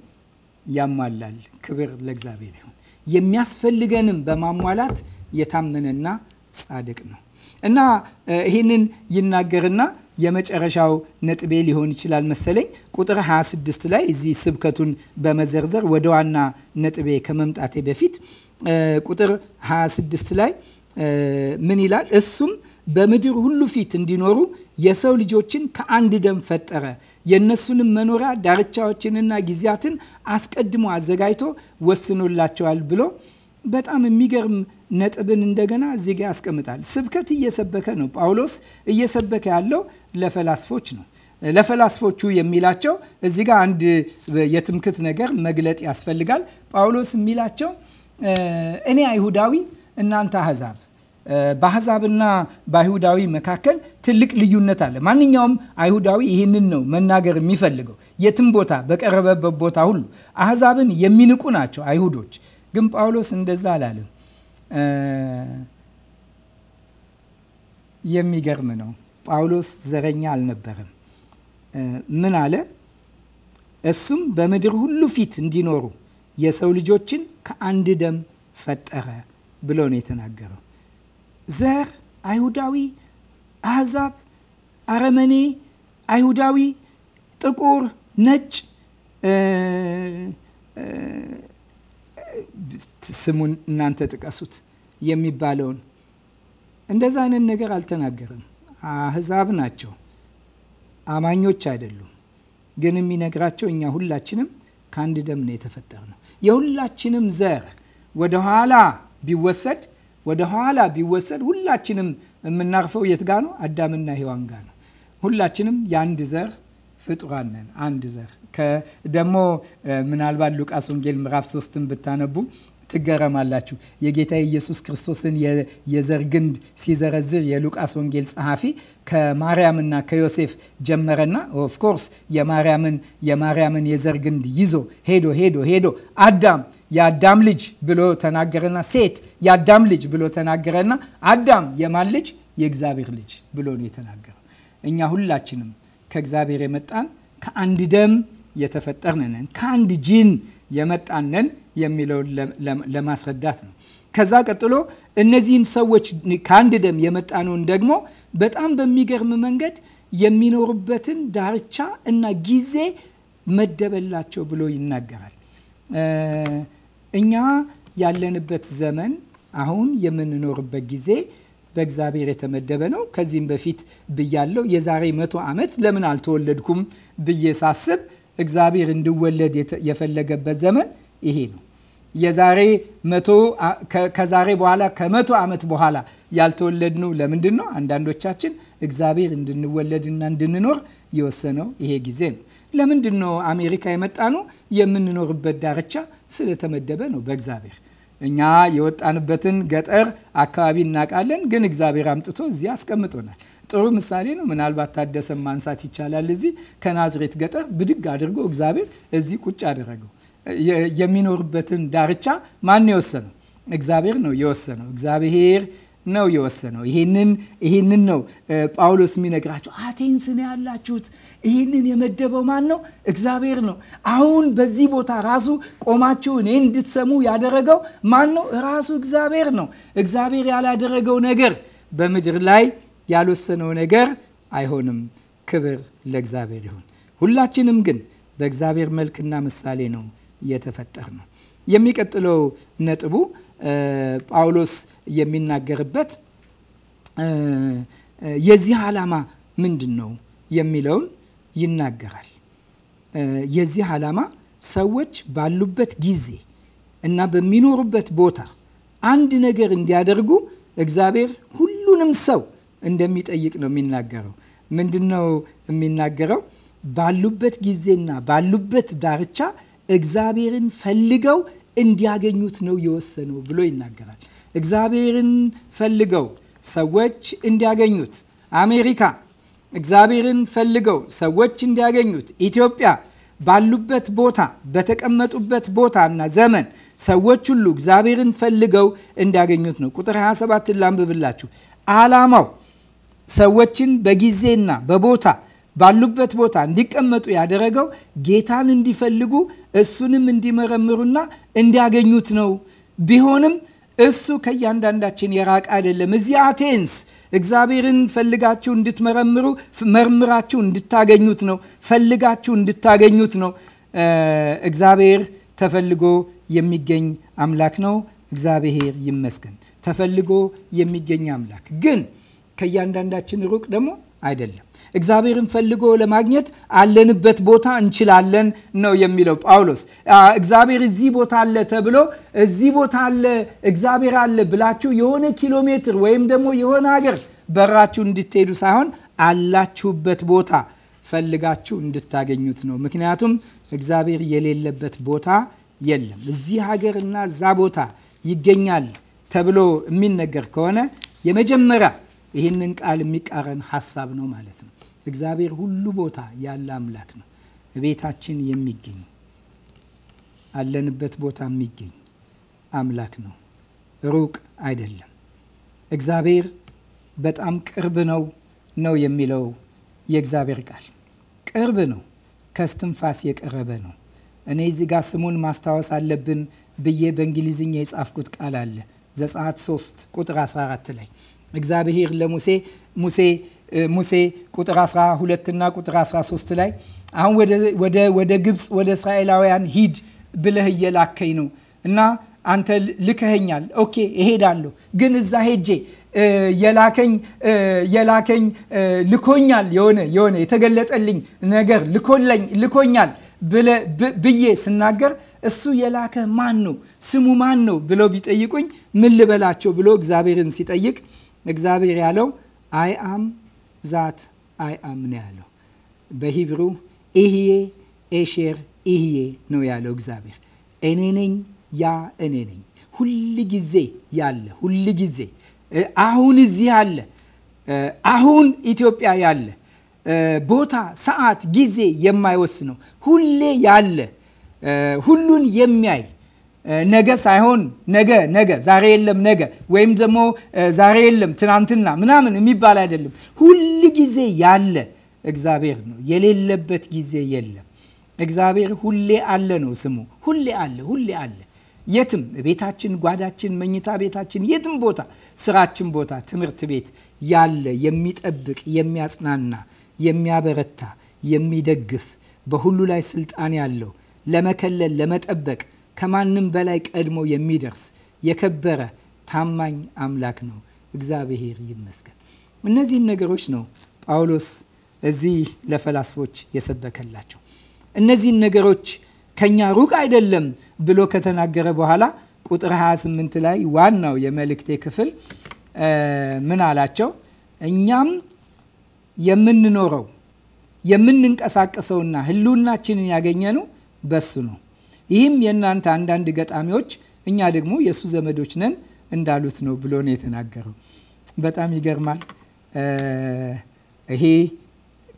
[SPEAKER 1] ያሟላል። ክብር ለእግዚአብሔር ይሁን። የሚያስፈልገንም በማሟላት የታመነና ጻድቅ ነው እና ይህንን ይናገርና የመጨረሻው ነጥቤ ሊሆን ይችላል መሰለኝ። ቁጥር 26 ላይ እዚህ ስብከቱን በመዘርዘር ወደ ዋና ነጥቤ ከመምጣቴ በፊት ቁጥር 26 ላይ ምን ይላል? እሱም በምድር ሁሉ ፊት እንዲኖሩ የሰው ልጆችን ከአንድ ደም ፈጠረ። የእነሱንም መኖሪያ ዳርቻዎችንና ጊዜያትን አስቀድሞ አዘጋጅቶ ወስኖላቸዋል ብሎ በጣም የሚገርም ነጥብን እንደገና እዚህ ጋ ያስቀምጣል። ስብከት እየሰበከ ነው። ጳውሎስ እየሰበከ ያለው ለፈላስፎች ነው። ለፈላስፎቹ የሚላቸው እዚህ ጋ አንድ የትምክት ነገር መግለጥ ያስፈልጋል። ጳውሎስ የሚላቸው እኔ አይሁዳዊ፣ እናንተ አህዛብ። በአህዛብና በአይሁዳዊ መካከል ትልቅ ልዩነት አለ። ማንኛውም አይሁዳዊ ይህንን ነው መናገር የሚፈልገው የትም ቦታ በቀረበበት ቦታ ሁሉ። አህዛብን የሚንቁ ናቸው አይሁዶች ግን ጳውሎስ እንደዛ አላለም። የሚገርም ነው። ጳውሎስ ዘረኛ አልነበረም። ምን አለ? እሱም በምድር ሁሉ ፊት እንዲኖሩ የሰው ልጆችን ከአንድ ደም ፈጠረ ብሎ ነው የተናገረው። ዘር፣ አይሁዳዊ፣ አህዛብ፣ አረመኔ፣ አይሁዳዊ፣ ጥቁር፣ ነጭ ስሙን እናንተ ጥቀሱት የሚባለውን እንደዛ አይነት ነገር አልተናገረም። አህዛብ ናቸው፣ አማኞች አይደሉም። ግን የሚነግራቸው እኛ ሁላችንም ከአንድ ደም ነው የተፈጠር ነው። የሁላችንም ዘር ወደኋላ ቢወሰድ ወደኋላ ቢወሰድ ሁላችንም የምናርፈው የት ጋ ነው? አዳምና ሔዋን ጋ ነው። ሁላችንም የአንድ ዘር ፍጡራን ነን። አንድ ዘር ደግሞ ምናልባት ሉቃስ ወንጌል ምዕራፍ ሶስትን ብታነቡ ትገረማላችሁ። የጌታ ኢየሱስ ክርስቶስን የዘር ግንድ ሲዘረዝር የሉቃስ ወንጌል ጸሐፊ ከማርያምና ከዮሴፍ ጀመረና ኦፍኮርስ የማርያምን የማርያምን የዘር ግንድ ይዞ ሄዶ ሄዶ ሄዶ አዳም የአዳም ልጅ ብሎ ተናገረና ሴት የአዳም ልጅ ብሎ ተናገረና አዳም የማን ልጅ? የእግዚአብሔር ልጅ ብሎ ነው የተናገረው። እኛ ሁላችንም ከእግዚአብሔር የመጣን ከአንድ ደም የተፈጠርንን ከአንድ ጂን የመጣንን የሚለውን ለማስረዳት ነው። ከዛ ቀጥሎ እነዚህን ሰዎች ከአንድ ደም የመጣነውን ደግሞ በጣም በሚገርም መንገድ የሚኖሩበትን ዳርቻ እና ጊዜ መደበላቸው ብሎ ይናገራል። እኛ ያለንበት ዘመን አሁን የምንኖርበት ጊዜ በእግዚአብሔር የተመደበ ነው። ከዚህም በፊት ብያለው የዛሬ መቶ ዓመት ለምን አልተወለድኩም ብዬ ሳስብ እግዚአብሔር እንዲወለድ የፈለገበት ዘመን ይሄ ነው። የዛሬ መቶ ከዛሬ በኋላ ከመቶ ዓመት በኋላ ያልተወለድነው ለምንድን ነው? አንዳንዶቻችን እግዚአብሔር እንድንወለድና እንድንኖር የወሰነው ይሄ ጊዜ ነው። ለምንድን ነው አሜሪካ የመጣ ነው? የምንኖርበት ዳርቻ ስለተመደበ ነው በእግዚአብሔር። እኛ የወጣንበትን ገጠር አካባቢ እናውቃለን፣ ግን እግዚአብሔር አምጥቶ እዚህ አስቀምጦናል። ጥሩ ምሳሌ ነው። ምናልባት ታደሰ ማንሳት ይቻላል። እዚህ ከናዝሬት ገጠር ብድግ አድርጎ እግዚአብሔር እዚህ ቁጭ አደረገው። የሚኖርበትን ዳርቻ ማን የወሰነው? እግዚአብሔር ነው የወሰነው። እግዚአብሔር ነው የወሰነው። ይሄንን ይሄንን ነው ጳውሎስ የሚነግራቸው። አቴንስ ነው ያላችሁት። ይህንን የመደበው ማን ነው? እግዚአብሔር ነው። አሁን በዚህ ቦታ ራሱ ቆማችሁ እኔ እንድትሰሙ ያደረገው ማን ነው? ራሱ እግዚአብሔር ነው። እግዚአብሔር ያላደረገው ነገር በምድር ላይ ያልወሰነው ነገር አይሆንም። ክብር ለእግዚአብሔር ይሁን። ሁላችንም ግን በእግዚአብሔር መልክና ምሳሌ ነው የተፈጠር ነው። የሚቀጥለው ነጥቡ ጳውሎስ የሚናገርበት የዚህ ዓላማ ምንድን ነው የሚለውን ይናገራል። የዚህ ዓላማ ሰዎች ባሉበት ጊዜ እና በሚኖሩበት ቦታ አንድ ነገር እንዲያደርጉ እግዚአብሔር ሁሉንም ሰው እንደሚጠይቅ ነው የሚናገረው። ምንድን ነው የሚናገረው? ባሉበት ጊዜና ባሉበት ዳርቻ እግዚአብሔርን ፈልገው እንዲያገኙት ነው የወሰነው ብሎ ይናገራል። እግዚአብሔርን ፈልገው ሰዎች እንዲያገኙት አሜሪካ፣ እግዚአብሔርን ፈልገው ሰዎች እንዲያገኙት ኢትዮጵያ፣ ባሉበት ቦታ በተቀመጡበት ቦታ እና ዘመን ሰዎች ሁሉ እግዚአብሔርን ፈልገው እንዲያገኙት ነው። ቁጥር 27 ላንብብላችሁ። አላማው ሰዎችን በጊዜና በቦታ ባሉበት ቦታ እንዲቀመጡ ያደረገው ጌታን እንዲፈልጉ እሱንም እንዲመረምሩና እንዲያገኙት ነው። ቢሆንም እሱ ከእያንዳንዳችን የራቀ አይደለም። እዚህ አቴንስ እግዚአብሔርን ፈልጋችሁ እንድትመረምሩ መርምራችሁ እንድታገኙት ነው። ፈልጋችሁ እንድታገኙት ነው። እግዚአብሔር ተፈልጎ የሚገኝ አምላክ ነው። እግዚአብሔር ይመስገን። ተፈልጎ የሚገኝ አምላክ ግን ከእያንዳንዳችን ሩቅ ደግሞ አይደለም። እግዚአብሔርን ፈልጎ ለማግኘት አለንበት ቦታ እንችላለን ነው የሚለው ጳውሎስ። እግዚአብሔር እዚህ ቦታ አለ ተብሎ እዚህ ቦታ አለ እግዚአብሔር አለ ብላችሁ የሆነ ኪሎ ሜትር ወይም ደግሞ የሆነ ሀገር በራችሁ እንድትሄዱ ሳይሆን አላችሁበት ቦታ ፈልጋችሁ እንድታገኙት ነው። ምክንያቱም እግዚአብሔር የሌለበት ቦታ የለም። እዚህ ሀገርና እዛ ቦታ ይገኛል ተብሎ የሚነገር ከሆነ የመጀመሪያ ይህንን ቃል የሚቃረን ሀሳብ ነው ማለት ነው። እግዚአብሔር ሁሉ ቦታ ያለ አምላክ ነው። ቤታችን የሚገኝ አለንበት ቦታ የሚገኝ አምላክ ነው። ሩቅ አይደለም። እግዚአብሔር በጣም ቅርብ ነው ነው የሚለው የእግዚአብሔር ቃል ቅርብ ነው፣ ከስትንፋስ የቀረበ ነው። እኔ እዚህ ጋር ስሙን ማስታወስ አለብን ብዬ በእንግሊዝኛ የጻፍኩት ቃል አለ ዘጸአት 3 ቁጥር 14 ላይ እግዚአብሔር ለሙሴ ሙሴ ሙሴ ቁጥር 12 እና ቁጥር 13 ላይ አሁን ወደ ግብፅ ወደ እስራኤላውያን ሂድ ብለህ እየላከኝ ነው እና አንተ ልከኸኛል። ኦኬ እሄዳለሁ፣ ግን እዛ ሄጄ የላከኝ የላከኝ ልኮኛል የሆነ የሆነ የተገለጠልኝ ነገር ልኮኛል ብዬ ስናገር እሱ የላከ ማን ነው? ስሙ ማን ነው? ብለው ቢጠይቁኝ ምን ልበላቸው ብሎ እግዚአብሔርን ሲጠይቅ እግዚአብሔር ያለው አይ አም ዛት አይ አም ነው ያለው። በሂብሩ ኢህዬ ኤሼር ኢህዬ ነው ያለው እግዚአብሔር። እኔ ነኝ፣ ያ እኔ ነኝ፣ ሁል ጊዜ ያለ፣ ሁል ጊዜ አሁን እዚህ ያለ፣ አሁን ኢትዮጵያ ያለ፣ ቦታ፣ ሰዓት፣ ጊዜ የማይወስነው ሁሌ ያለ፣ ሁሉን የሚያይ ነገ ሳይሆን ነገ ነገ ዛሬ የለም ነገ ወይም ደግሞ ዛሬ የለም ትናንትና ምናምን የሚባል አይደለም። ሁል ጊዜ ያለ እግዚአብሔር ነው። የሌለበት ጊዜ የለም። እግዚአብሔር ሁሌ አለ ነው ስሙ። ሁሌ አለ፣ ሁሌ አለ። የትም ቤታችን፣ ጓዳችን፣ መኝታ ቤታችን፣ የትም ቦታ፣ ስራችን ቦታ፣ ትምህርት ቤት ያለ የሚጠብቅ፣ የሚያጽናና፣ የሚያበረታ፣ የሚደግፍ፣ በሁሉ ላይ ስልጣን ያለው ለመከለል፣ ለመጠበቅ ከማንም በላይ ቀድሞ የሚደርስ የከበረ ታማኝ አምላክ ነው። እግዚአብሔር ይመስገን። እነዚህን ነገሮች ነው ጳውሎስ እዚህ ለፈላስፎች የሰበከላቸው። እነዚህን ነገሮች ከኛ ሩቅ አይደለም ብሎ ከተናገረ በኋላ ቁጥር 28 ላይ ዋናው የመልእክቴ ክፍል ምን አላቸው? እኛም የምንኖረው የምንንቀሳቀሰውና ህልውናችንን ያገኘነው በሱ ነው ይህም የእናንተ አንዳንድ ገጣሚዎች እኛ ደግሞ የእሱ ዘመዶች ነን እንዳሉት ነው ብሎ ነው የተናገረው። በጣም ይገርማል። ይሄ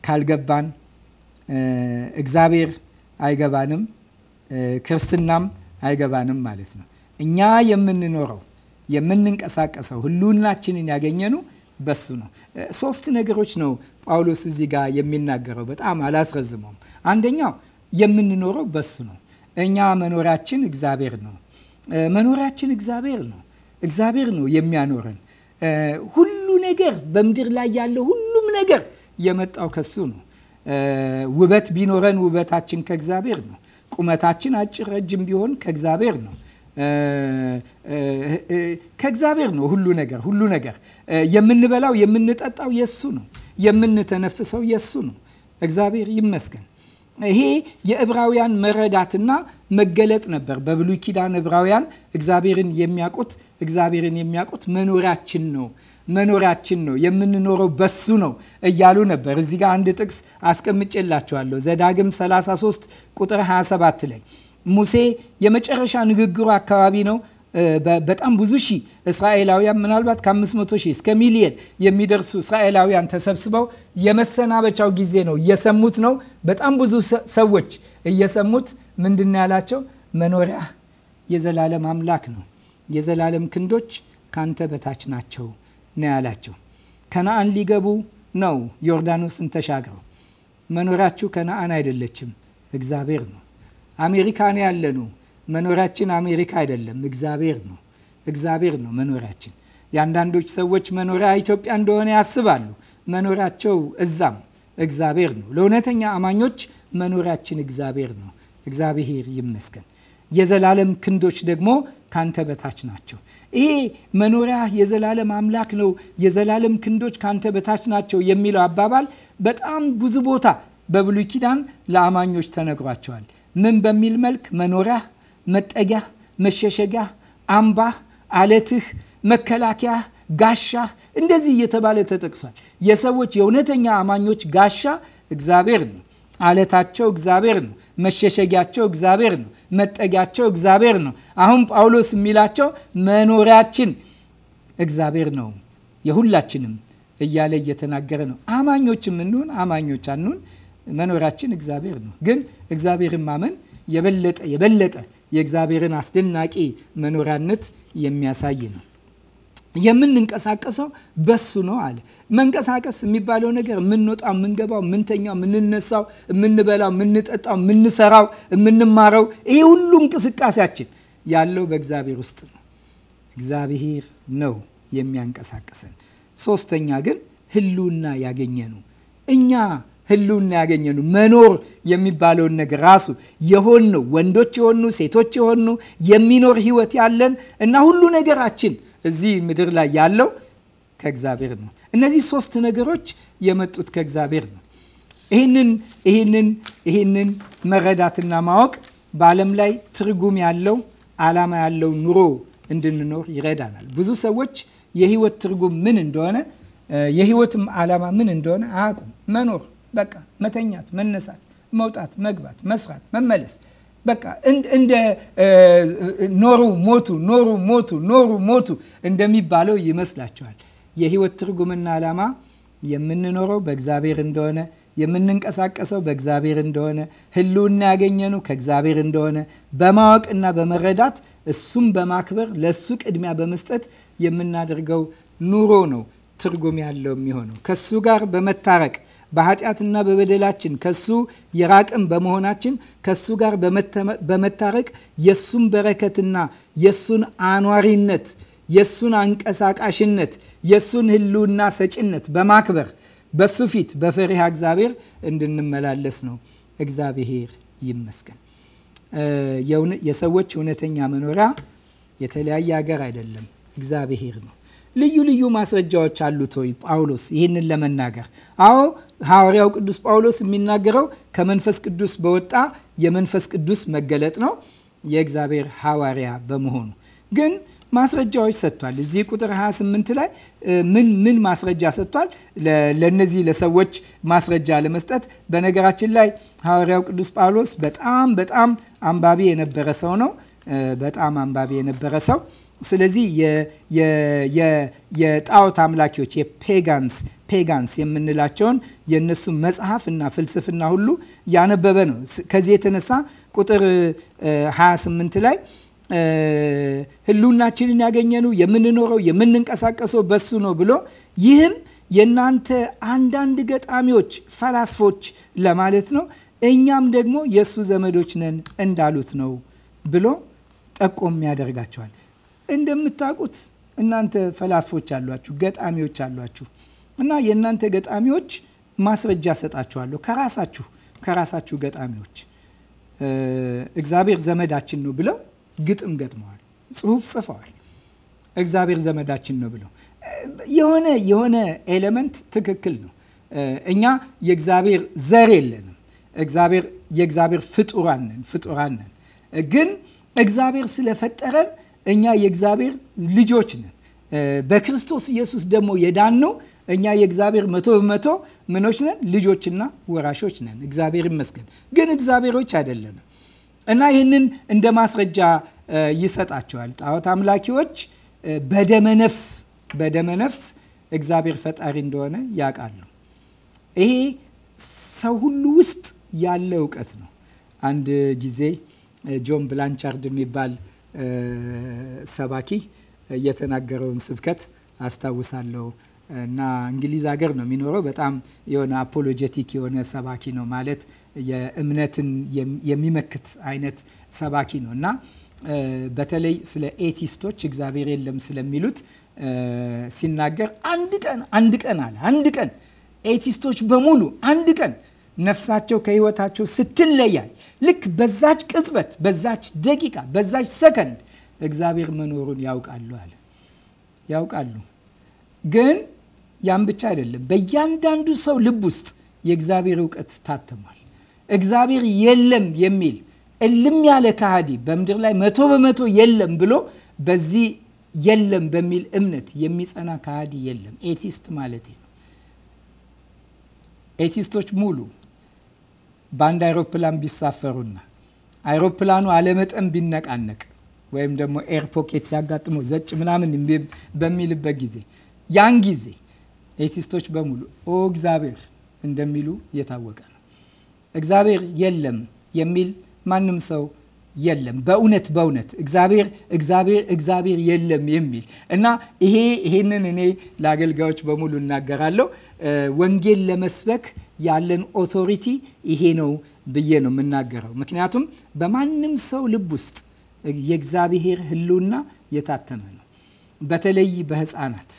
[SPEAKER 1] ካልገባን እግዚአብሔር አይገባንም፣ ክርስትናም አይገባንም ማለት ነው። እኛ የምንኖረው የምንንቀሳቀሰው ህልውናችንን ያገኘኑ በሱ ነው። ሶስት ነገሮች ነው ጳውሎስ እዚህ ጋር የሚናገረው። በጣም አላስረዝመውም። አንደኛው የምንኖረው በሱ ነው። እኛ መኖራችን እግዚአብሔር ነው። መኖራችን እግዚአብሔር ነው። እግዚአብሔር ነው የሚያኖረን። ሁሉ ነገር በምድር ላይ ያለው ሁሉም ነገር የመጣው ከሱ ነው። ውበት ቢኖረን ውበታችን ከእግዚአብሔር ነው። ቁመታችን አጭር ረጅም ቢሆን ከእግዚአብሔር ነው ከእግዚአብሔር ነው። ሁሉ ነገር ሁሉ ነገር የምንበላው የምንጠጣው የሱ ነው። የምንተነፍሰው የሱ ነው። እግዚአብሔር ይመስገን። ይሄ የዕብራውያን መረዳትና መገለጥ ነበር። በብሉይ ኪዳን ዕብራውያን እግዚአብሔርን የሚያውቁት እግዚአብሔርን የሚያውቁት መኖሪያችን ነው መኖሪያችን ነው የምንኖረው በሱ ነው እያሉ ነበር። እዚህ ጋር አንድ ጥቅስ አስቀምጬላችኋለሁ ዘዳግም 33 ቁጥር 27 ላይ ሙሴ የመጨረሻ ንግግሩ አካባቢ ነው በጣም ብዙ ሺህ እስራኤላውያን ምናልባት ከ500 ሺህ እስከ ሚሊየን የሚደርሱ እስራኤላውያን ተሰብስበው የመሰናበቻው ጊዜ ነው። እየሰሙት ነው። በጣም ብዙ ሰዎች እየሰሙት ምንድን ያላቸው መኖሪያ የዘላለም አምላክ ነው፣ የዘላለም ክንዶች ካንተ በታች ናቸው ነው ያላቸው። ከነአን ሊገቡ ነው ዮርዳኖስን ተሻግረው። መኖሪያችሁ ከነአን አይደለችም፣ እግዚአብሔር ነው። አሜሪካ ነው መኖሪያችን አሜሪካ አይደለም፣ እግዚአብሔር ነው። እግዚአብሔር ነው መኖሪያችን። የአንዳንዶች ሰዎች መኖሪያ ኢትዮጵያ እንደሆነ ያስባሉ። መኖሪያቸው እዛም እግዚአብሔር ነው። ለእውነተኛ አማኞች መኖሪያችን እግዚአብሔር ነው። እግዚአብሔር ይመስገን። የዘላለም ክንዶች ደግሞ ካንተ በታች ናቸው። ይሄ መኖሪያ የዘላለም አምላክ ነው፣ የዘላለም ክንዶች ካንተ በታች ናቸው የሚለው አባባል በጣም ብዙ ቦታ በብሉይ ኪዳን ለአማኞች ተነግሯቸዋል። ምን በሚል መልክ መኖሪያ መጠጊያ፣ መሸሸጊያ፣ አምባ አለትህ፣ መከላከያ፣ ጋሻ እንደዚህ እየተባለ ተጠቅሷል። የሰዎች የእውነተኛ አማኞች ጋሻ እግዚአብሔር ነው። አለታቸው እግዚአብሔር ነው። መሸሸጊያቸው እግዚአብሔር ነው። መጠጊያቸው እግዚአብሔር ነው። አሁን ጳውሎስ የሚላቸው መኖሪያችን እግዚአብሔር ነው የሁላችንም እያለ እየተናገረ ነው። አማኞችም እንሁን አማኞች አንሁን መኖሪያችን እግዚአብሔር ነው። ግን እግዚአብሔርን ማመን የበለጠ የበለጠ የእግዚአብሔርን አስደናቂ መኖሪያነት የሚያሳይ ነው። የምንንቀሳቀሰው በሱ ነው አለ። መንቀሳቀስ የሚባለው ነገር የምንወጣው፣ የምንገባው፣ የምንተኛው፣ የምንነሳው፣ የምንበላው፣ የምንጠጣው፣ የምንሰራው፣ የምንማረው ይሄ ሁሉ እንቅስቃሴያችን ያለው በእግዚአብሔር ውስጥ ነው። እግዚአብሔር ነው የሚያንቀሳቅሰን። ሶስተኛ ግን ህልውና ያገኘ ነው እኛ ህልውና ያገኘ ነው። መኖር የሚባለውን ነገር ራሱ የሆን ነው። ወንዶች የሆኑ ሴቶች የሆኑ የሚኖር ህይወት ያለን እና ሁሉ ነገራችን እዚህ ምድር ላይ ያለው ከእግዚአብሔር ነው። እነዚህ ሶስት ነገሮች የመጡት ከእግዚአብሔር ነው። ይህንን ይህንን ይህንን መረዳትና ማወቅ በዓለም ላይ ትርጉም ያለው ዓላማ ያለው ኑሮ እንድንኖር ይረዳናል። ብዙ ሰዎች የህይወት ትርጉም ምን እንደሆነ የህይወትም ዓላማ ምን እንደሆነ አያውቁም። መኖር በቃ መተኛት፣ መነሳት፣ መውጣት፣ መግባት፣ መስራት፣ መመለስ በቃ እንደ ኖሩ ሞቱ፣ ኖሩ ሞቱ፣ ኖሩ ሞቱ እንደሚባለው ይመስላችኋል። የህይወት ትርጉምና ዓላማ የምንኖረው በእግዚአብሔር እንደሆነ የምንንቀሳቀሰው በእግዚአብሔር እንደሆነ ህልውና ያገኘነው ከእግዚአብሔር እንደሆነ በማወቅና በመረዳት እሱም በማክበር ለእሱ ቅድሚያ በመስጠት የምናደርገው ኑሮ ነው ትርጉም ያለው የሚሆነው ከሱ ጋር በመታረቅ በኃጢአትና በበደላችን ከሱ የራቅን በመሆናችን ከሱ ጋር በመታረቅ የሱን በረከትና የሱን አኗሪነት፣ የሱን አንቀሳቃሽነት፣ የሱን ህልውና ሰጭነት በማክበር በሱ ፊት በፈሪሃ እግዚአብሔር እንድንመላለስ ነው። እግዚአብሔር ይመስገን። የሰዎች እውነተኛ መኖሪያ የተለያየ ሀገር አይደለም፣ እግዚአብሔር ነው። ልዩ ልዩ ማስረጃዎች አሉት ወይ ጳውሎስ ይህንን ለመናገር? አዎ ሐዋርያው ቅዱስ ጳውሎስ የሚናገረው ከመንፈስ ቅዱስ በወጣ የመንፈስ ቅዱስ መገለጥ ነው የእግዚአብሔር ሐዋርያ በመሆኑ ግን ማስረጃዎች ሰጥቷል። እዚህ ቁጥር 28 ላይ ምን ምን ማስረጃ ሰጥቷል? ለእነዚህ ለሰዎች ማስረጃ ለመስጠት በነገራችን ላይ ሐዋርያው ቅዱስ ጳውሎስ በጣም በጣም አንባቢ የነበረ ሰው ነው። በጣም አንባቢ የነበረ ሰው ስለዚህ የጣዖት አምላኪዎች የፔጋንስ ፔጋንስ የምንላቸውን የእነሱ መጽሐፍ እና ፍልስፍና ሁሉ ያነበበ ነው። ከዚህ የተነሳ ቁጥር 28 ላይ ሕልውናችንን ያገኘነው የምንኖረው የምንንቀሳቀሰው በሱ ነው ብሎ ይህም የእናንተ አንዳንድ ገጣሚዎች፣ ፈላስፎች ለማለት ነው እኛም ደግሞ የእሱ ዘመዶች ነን እንዳሉት ነው ብሎ ጠቆም ያደርጋቸዋል። እንደምታውቁት እናንተ ፈላስፎች አሏችሁ፣ ገጣሚዎች አሏችሁ እና የእናንተ ገጣሚዎች ማስረጃ ሰጣችኋለሁ ከራሳችሁ ከራሳችሁ ገጣሚዎች እግዚአብሔር ዘመዳችን ነው ብለው ግጥም ገጥመዋል፣ ጽሁፍ ጽፈዋል። እግዚአብሔር ዘመዳችን ነው ብለው የሆነ የሆነ ኤሌመንት ትክክል ነው። እኛ የእግዚአብሔር ዘር የለንም። እግዚአብሔር የእግዚአብሔር ፍጡራን ነን ፍጡራን ነን ግን እግዚአብሔር ስለፈጠረን እኛ የእግዚአብሔር ልጆች ነን። በክርስቶስ ኢየሱስ ደግሞ ነው። እኛ የእግዚአብሔር መቶ በመቶ ምኖች ነን፣ ልጆችና ወራሾች ነን። እግዚአብሔር ይመስገን። ግን እግዚአብሔሮች አይደለንም እና ይህንን እንደ ማስረጃ ይሰጣቸዋል። ጣዖት አምላኪዎች በደመነፍስ በደመነፍስ እግዚአብሔር ፈጣሪ እንደሆነ ያውቃሉ። ይሄ ሰው ሁሉ ውስጥ ያለ እውቀት ነው። አንድ ጊዜ ጆን ብላንቻርድ የሚባል ሰባኪ የተናገረውን ስብከት አስታውሳለሁ። እና እንግሊዝ ሀገር ነው የሚኖረው። በጣም የሆነ አፖሎጀቲክ የሆነ ሰባኪ ነው ማለት የእምነትን የሚመክት አይነት ሰባኪ ነው እና በተለይ ስለ ኤቲስቶች እግዚአብሔር የለም ስለሚሉት ሲናገር አንድ ቀን አንድ ቀን አለ አንድ ቀን ኤቲስቶች በሙሉ አንድ ቀን ነፍሳቸው ከህይወታቸው ስትለያይ ልክ በዛች ቅጽበት፣ በዛች ደቂቃ፣ በዛች ሰከንድ እግዚአብሔር መኖሩን ያውቃሉ አለ ያውቃሉ። ግን ያም ብቻ አይደለም። በእያንዳንዱ ሰው ልብ ውስጥ የእግዚአብሔር እውቀት ታትሟል። እግዚአብሔር የለም የሚል እልም ያለ ከሃዲ በምድር ላይ መቶ በመቶ የለም ብሎ በዚህ የለም በሚል እምነት የሚጸና ከሃዲ የለም። ኤቲስት ማለት ነው። ኤቲስቶች ሙሉ በአንድ አይሮፕላን ቢሳፈሩና አይሮፕላኑ አለመጠን ቢነቃነቅ ወይም ደግሞ ኤርፖኬት ሲያጋጥመው ዘጭ ምናምን በሚልበት ጊዜ ያን ጊዜ ኤቲስቶች በሙሉ ኦ እግዚአብሔር እንደሚሉ እየታወቀ ነው። እግዚአብሔር የለም የሚል ማንም ሰው የለም በእውነት በእውነት እግዚአብሔር እግዚአብሔር እግዚአብሔር የለም የሚል እና ይሄ ይሄንን እኔ ለአገልጋዮች በሙሉ እናገራለሁ። ወንጌል ለመስበክ ያለን ኦቶሪቲ ይሄ ነው ብዬ ነው የምናገረው። ምክንያቱም በማንም ሰው ልብ ውስጥ የእግዚአብሔር ሕልውና የታተመ ነው። በተለይ በህፃናት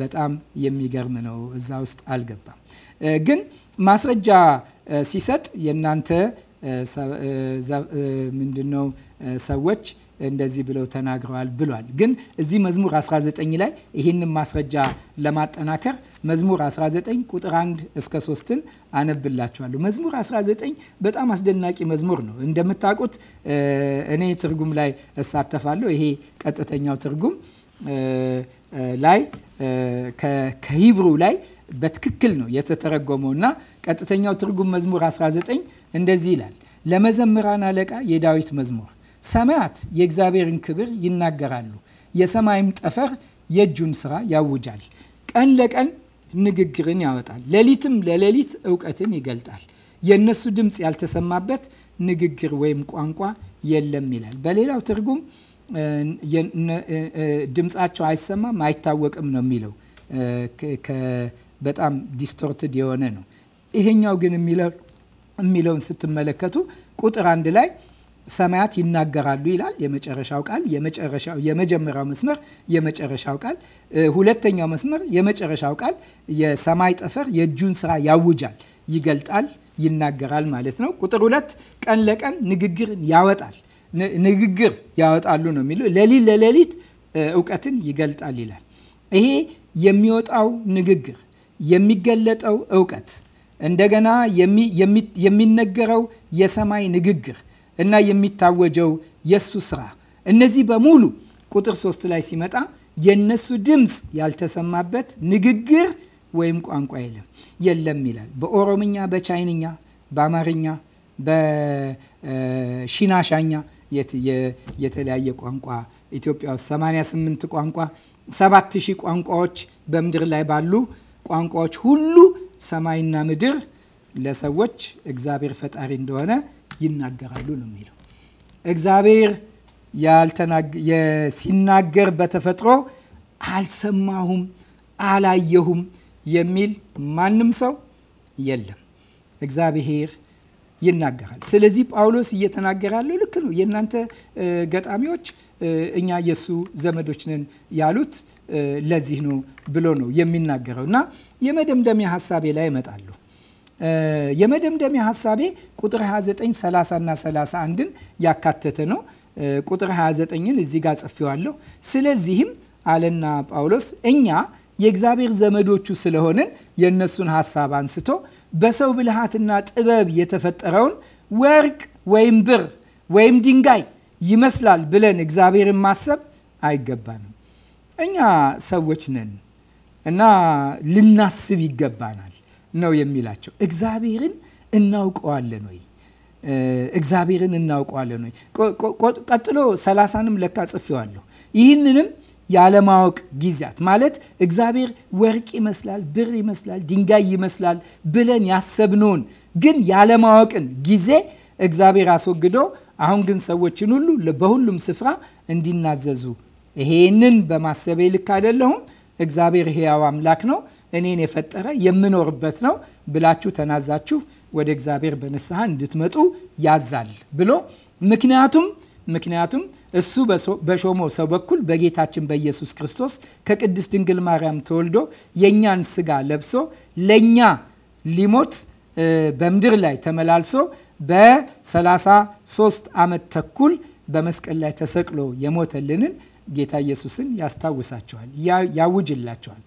[SPEAKER 1] በጣም የሚገርም ነው። እዛ ውስጥ አልገባም፣ ግን ማስረጃ ሲሰጥ የእናንተ ምንድነው ሰዎች እንደዚህ ብለው ተናግረዋል ብሏል። ግን እዚህ መዝሙር 19 ላይ ይህንን ማስረጃ ለማጠናከር መዝሙር 19 ቁጥር 1 እስከ 3ን አነብላችኋለሁ። መዝሙር 19 በጣም አስደናቂ መዝሙር ነው። እንደምታውቁት እኔ ትርጉም ላይ እሳተፋለሁ። ይሄ ቀጥተኛው ትርጉም ላይ ከሂብሩ ላይ በትክክል ነው የተተረጎመው እና ቀጥተኛው ትርጉም መዝሙር 19 እንደዚህ ይላል። ለመዘምራን አለቃ የዳዊት መዝሙር። ሰማያት የእግዚአብሔርን ክብር ይናገራሉ፣ የሰማይም ጠፈር የእጁን ስራ ያውጃል። ቀን ለቀን ንግግርን ያወጣል፣ ሌሊትም ለሌሊት እውቀትን ይገልጣል። የእነሱ ድምፅ ያልተሰማበት ንግግር ወይም ቋንቋ የለም ይላል። በሌላው ትርጉም ድምፃቸው አይሰማም አይታወቅም ነው የሚለው በጣም ዲስቶርትድ የሆነ ነው። ይሄኛው ግን የሚለውን ስትመለከቱ ቁጥር አንድ ላይ ሰማያት ይናገራሉ ይላል። የመጨረሻው ቃል የመጀመሪያው መስመር የመጨረሻው ቃል፣ ሁለተኛው መስመር የመጨረሻው ቃል የሰማይ ጠፈር የእጁን ስራ ያውጃል፣ ይገልጣል፣ ይናገራል ማለት ነው። ቁጥር ሁለት ቀን ለቀን ንግግር ያወጣል ንግግር ያወጣሉ ነው የሚለው። ሌሊት ለሌሊት እውቀትን ይገልጣል ይላል። ይሄ የሚወጣው ንግግር የሚገለጠው እውቀት እንደገና የሚነገረው የሰማይ ንግግር እና የሚታወጀው የእሱ ስራ እነዚህ በሙሉ ቁጥር ሶስት ላይ ሲመጣ የእነሱ ድምፅ ያልተሰማበት ንግግር ወይም ቋንቋ የለም የለም ይላል። በኦሮምኛ፣ በቻይንኛ፣ በአማርኛ፣ በሺናሻኛ የተለያየ ቋንቋ ኢትዮጵያ ውስጥ 88 ቋንቋ 7000 ቋንቋዎች በምድር ላይ ባሉ ቋንቋዎች ሁሉ ሰማይና ምድር ለሰዎች እግዚአብሔር ፈጣሪ እንደሆነ ይናገራሉ ነው የሚለው። እግዚአብሔር ሲናገር በተፈጥሮ አልሰማሁም፣ አላየሁም የሚል ማንም ሰው የለም። እግዚአብሔር ይናገራል። ስለዚህ ጳውሎስ እየተናገረ ያለው ልክ ነው። የእናንተ ገጣሚዎች እኛ የእሱ ዘመዶች ነን ያሉት ለዚህ ነው ብሎ ነው የሚናገረው እና የመደምደሚያ ሀሳቤ ላይ እመጣለሁ። የመደምደሚያ ሀሳቤ ቁጥር 29 30 እና 31ን ያካተተ ነው። ቁጥር 29ን እዚህ ጋር ጽፌዋለሁ። ስለዚህም አለና ጳውሎስ እኛ የእግዚአብሔር ዘመዶቹ ስለሆንን የእነሱን ሀሳብ አንስቶ በሰው ብልሃትና ጥበብ የተፈጠረውን ወርቅ ወይም ብር ወይም ድንጋይ ይመስላል ብለን እግዚአብሔርን ማሰብ አይገባንም። እኛ ሰዎች ነን እና ልናስብ ይገባናል ነው የሚላቸው። እግዚአብሔርን እናውቀዋለን ወይ? እግዚአብሔርን እናውቀዋለን ወይ? ቀጥሎ ሰላሳንም ለካ ጽፌዋለሁ። ይህንንም ያለማወቅ ጊዜያት ማለት እግዚአብሔር ወርቅ ይመስላል፣ ብር ይመስላል፣ ድንጋይ ይመስላል ብለን ያሰብነውን ግን ያለማወቅን ጊዜ እግዚአብሔር አስወግዶ አሁን ግን ሰዎችን ሁሉ በሁሉም ስፍራ እንዲናዘዙ ይሄንን በማሰቤ ልክ አይደለሁም፣ እግዚአብሔር ሕያው አምላክ ነው፣ እኔን የፈጠረ የምኖርበት ነው ብላችሁ ተናዛችሁ ወደ እግዚአብሔር በንስሐ እንድትመጡ ያዛል ብሎ ምክንያቱም ምክንያቱም እሱ በሾመው ሰው በኩል በጌታችን በኢየሱስ ክርስቶስ ከቅድስት ድንግል ማርያም ተወልዶ የእኛን ስጋ ለብሶ ለእኛ ሊሞት በምድር ላይ ተመላልሶ በ33 ዓመት ተኩል በመስቀል ላይ ተሰቅሎ የሞተልንን ጌታ ኢየሱስን ያስታውሳቸዋል፣ ያውጅላቸዋል።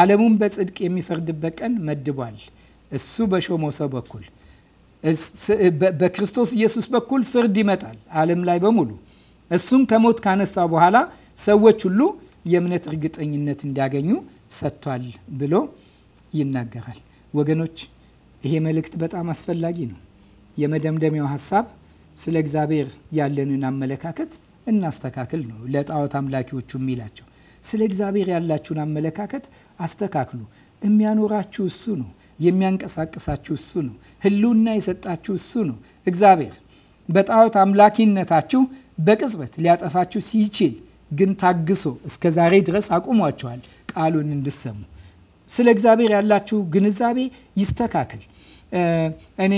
[SPEAKER 1] ዓለሙን በጽድቅ የሚፈርድበት ቀን መድቧል። እሱ በሾመው ሰው በኩል በክርስቶስ ኢየሱስ በኩል ፍርድ ይመጣል ዓለም ላይ በሙሉ። እሱም ከሞት ካነሳ በኋላ ሰዎች ሁሉ የእምነት እርግጠኝነት እንዲያገኙ ሰጥቷል ብሎ ይናገራል። ወገኖች ይሄ መልእክት በጣም አስፈላጊ ነው። የመደምደሚያው ሀሳብ ስለ እግዚአብሔር ያለንን አመለካከት እናስተካክል ነው ለጣዖት አምላኪዎቹ የሚላቸው። ስለ እግዚአብሔር ያላችሁን አመለካከት አስተካክሉ። የሚያኖራችሁ እሱ ነው። የሚያንቀሳቅሳችሁ እሱ ነው። ህልውና የሰጣችሁ እሱ ነው እግዚአብሔር። በጣዖት አምላኪነታችሁ በቅጽበት ሊያጠፋችሁ ሲችል ግን ታግሶ እስከ ዛሬ ድረስ አቁሟችኋል ቃሉን እንድሰሙ። ስለ እግዚአብሔር ያላችሁ ግንዛቤ ይስተካከል። እኔ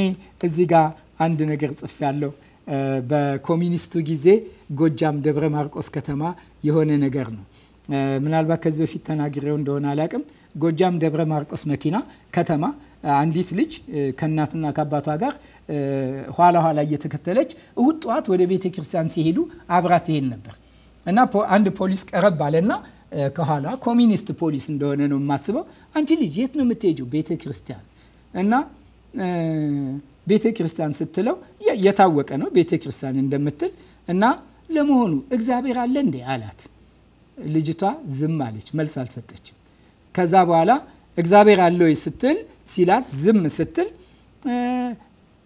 [SPEAKER 1] እዚህ ጋር አንድ ነገር ጽፌያለሁ። በኮሚኒስቱ ጊዜ ጎጃም ደብረ ማርቆስ ከተማ የሆነ ነገር ነው። ምናልባት ከዚህ በፊት ተናግሬው እንደሆነ አላቅም። ጎጃም ደብረ ማርቆስ መኪና ከተማ አንዲት ልጅ ከእናትና ከአባቷ ጋር ኋላ ኋላ እየተከተለች እሁድ ጠዋት ወደ ቤተ ክርስቲያን ሲሄዱ አብራ ትሄድ ነበር እና አንድ ፖሊስ ቀረብ አለና ከኋላ ኮሚኒስት ፖሊስ እንደሆነ ነው የማስበው። አንቺ ልጅ የት ነው የምትሄጂው? ቤተ ክርስቲያን እና ቤተ ክርስቲያን ስትለው የታወቀ ነው ቤተ ክርስቲያን እንደምትል እና ለመሆኑ እግዚአብሔር አለ እንዴ አላት። ልጅቷ ዝም አለች፣ መልስ አልሰጠችም። ከዛ በኋላ እግዚአብሔር አለ ወይ ስትል ሲላት ዝም ስትል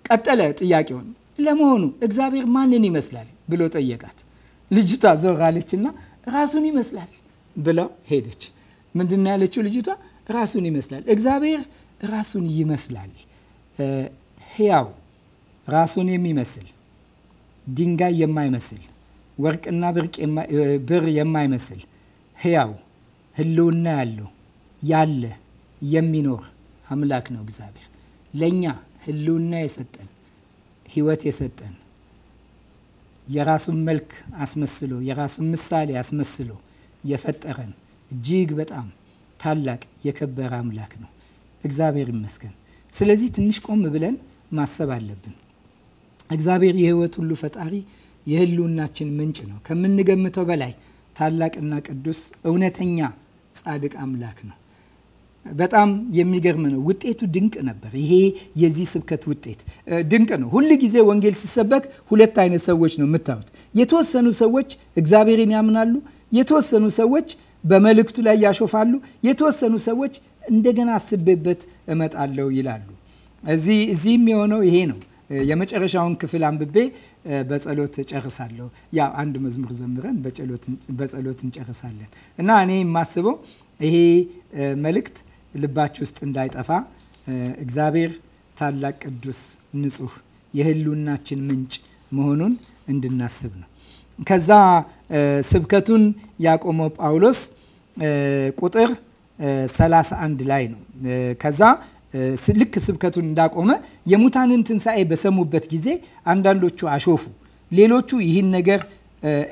[SPEAKER 1] ቀጠለ ጥያቄውን። ለመሆኑ እግዚአብሔር ማንን ይመስላል ብሎ ጠየቃት። ልጅቷ ዞር አለችና ራሱን ይመስላል ብለው ሄደች። ምንድን ያለችው ልጅቷ? ራሱን ይመስላል እግዚአብሔር ራሱን ይመስላል ሕያው ራሱን የሚመስል ድንጋይ የማይመስል ወርቅና ብር የማይመስል ሕያው ህልውና ያለው ያለ የሚኖር አምላክ ነው እግዚአብሔር። ለእኛ ህልውና የሰጠን ህይወት የሰጠን የራሱን መልክ አስመስሎ የራሱን ምሳሌ አስመስሎ የፈጠረን እጅግ በጣም ታላቅ የከበረ አምላክ ነው። እግዚአብሔር ይመስገን። ስለዚህ ትንሽ ቆም ብለን ማሰብ አለብን። እግዚአብሔር የህይወት ሁሉ ፈጣሪ የህልውናችን ምንጭ ነው። ከምንገምተው በላይ ታላቅና ቅዱስ እውነተኛ ጻድቅ አምላክ ነው። በጣም የሚገርም ነው። ውጤቱ ድንቅ ነበር። ይሄ የዚህ ስብከት ውጤት ድንቅ ነው። ሁል ጊዜ ወንጌል ሲሰበክ ሁለት አይነት ሰዎች ነው የምታዩት። የተወሰኑ ሰዎች እግዚአብሔርን ያምናሉ፣ የተወሰኑ ሰዎች በመልእክቱ ላይ ያሾፋሉ፣ የተወሰኑ ሰዎች እንደገና አስቤበት እመጣለሁ ይላሉ። እዚህ እዚህም የሆነው ይሄ ነው። የመጨረሻውን ክፍል አንብቤ በጸሎት ጨርሳለሁ። ያው አንድ መዝሙር ዘምረን በጸሎት እንጨርሳለን እና እኔ የማስበው ይሄ መልእክት ልባች ውስጥ እንዳይጠፋ እግዚአብሔር ታላቅ፣ ቅዱስ፣ ንጹህ የህልውናችን ምንጭ መሆኑን እንድናስብ ነው። ከዛ ስብከቱን ያቆመው ጳውሎስ ቁጥር 31 ላይ ነው። ከዛ ልክ ስብከቱን እንዳቆመ የሙታንን ትንሣኤ በሰሙበት ጊዜ አንዳንዶቹ አሾፉ፣ ሌሎቹ ይህን ነገር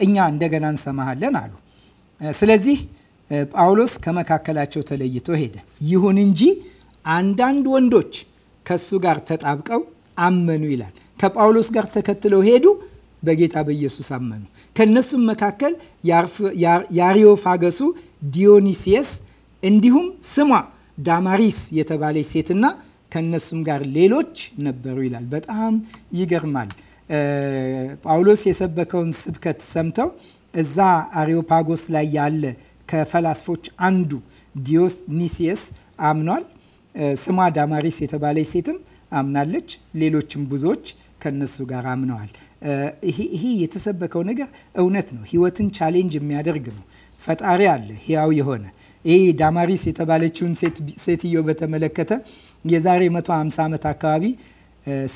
[SPEAKER 1] እኛ እንደገና እንሰማሃለን አሉ። ስለዚህ ጳውሎስ ከመካከላቸው ተለይቶ ሄደ። ይሁን እንጂ አንዳንድ ወንዶች ከሱ ጋር ተጣብቀው አመኑ ይላል። ከጳውሎስ ጋር ተከትለው ሄዱ፣ በጌታ በኢየሱስ አመኑ። ከእነሱም መካከል የአሪዮፋገሱ ዲዮኒሲየስ እንዲሁም ስሟ ዳማሪስ የተባለች ሴትና ከነሱም ጋር ሌሎች ነበሩ ይላል። በጣም ይገርማል። ጳውሎስ የሰበከውን ስብከት ሰምተው እዛ አሪዮፓጎስ ላይ ያለ ከፈላስፎች አንዱ ዲዮኒሲየስ አምኗል። ስሟ ዳማሪስ የተባለች ሴትም አምናለች። ሌሎችም ብዙዎች ከነሱ ጋር አምነዋል። ይሄ የተሰበከው ነገር እውነት ነው። ህይወትን ቻሌንጅ የሚያደርግ ነው። ፈጣሪ አለ ህያው የሆነ ይህ ዳማሪስ የተባለችውን ሴትዮ በተመለከተ የዛሬ 150 ዓመት አካባቢ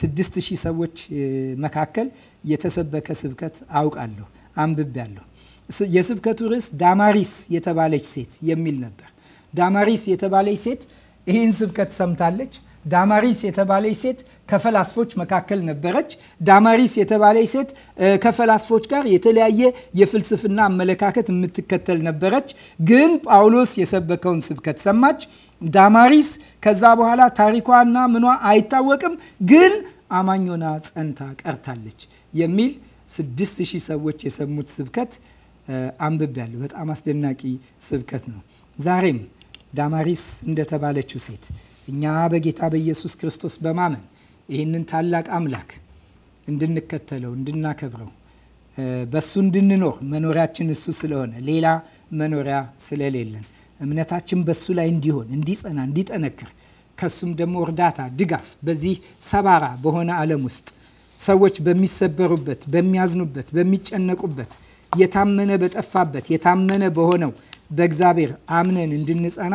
[SPEAKER 1] 6000 ሰዎች መካከል የተሰበከ ስብከት አውቃለሁ፣ አንብቤያለሁ። የስብከቱ ርዕስ ዳማሪስ የተባለች ሴት የሚል ነበር። ዳማሪስ የተባለች ሴት ይህን ስብከት ሰምታለች። ዳማሪስ የተባለች ሴት ከፈላስፎች መካከል ነበረች። ዳማሪስ የተባለች ሴት ከፈላስፎች ጋር የተለያየ የፍልስፍና አመለካከት የምትከተል ነበረች። ግን ጳውሎስ የሰበከውን ስብከት ሰማች። ዳማሪስ ከዛ በኋላ ታሪኳና ምኗ አይታወቅም፣ ግን አማኞና ጸንታ ቀርታለች የሚል ስድስት ሺህ ሰዎች የሰሙት ስብከት አንብቤያለሁ። በጣም አስደናቂ ስብከት ነው። ዛሬም ዳማሪስ እንደተባለችው ሴት እኛ በጌታ በኢየሱስ ክርስቶስ በማመን ይህንን ታላቅ አምላክ እንድንከተለው፣ እንድናከብረው፣ በሱ እንድንኖር መኖሪያችን እሱ ስለሆነ ሌላ መኖሪያ ስለሌለን እምነታችን በሱ ላይ እንዲሆን፣ እንዲጸና፣ እንዲጠነክር ከሱም ደግሞ እርዳታ፣ ድጋፍ በዚህ ሰባራ በሆነ ዓለም ውስጥ ሰዎች በሚሰበሩበት፣ በሚያዝኑበት፣ በሚጨነቁበት የታመነ በጠፋበት የታመነ በሆነው በእግዚአብሔር አምነን እንድንጸና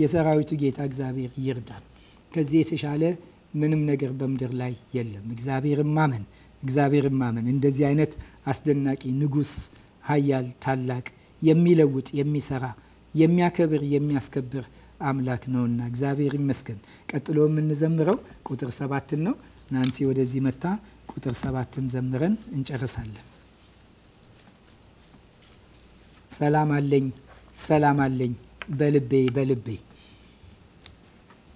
[SPEAKER 1] የሰራዊቱ ጌታ እግዚአብሔር ይርዳን። ከዚህ የተሻለ ምንም ነገር በምድር ላይ የለም። እግዚአብሔር ማመን እግዚአብሔር ማመን እንደዚህ አይነት አስደናቂ ንጉስ ኃያል፣ ታላቅ፣ የሚለውጥ፣ የሚሰራ፣ የሚያከብር፣ የሚያስከብር አምላክ ነውና እግዚአብሔር ይመስገን። ቀጥሎ የምንዘምረው ቁጥር ሰባትን ነው። ናንሲ ወደዚህ መታ ቁጥር ሰባትን ዘምረን እንጨርሳለን። ሰላም አለኝ፣ ሰላም አለኝ በልቤ በልቤ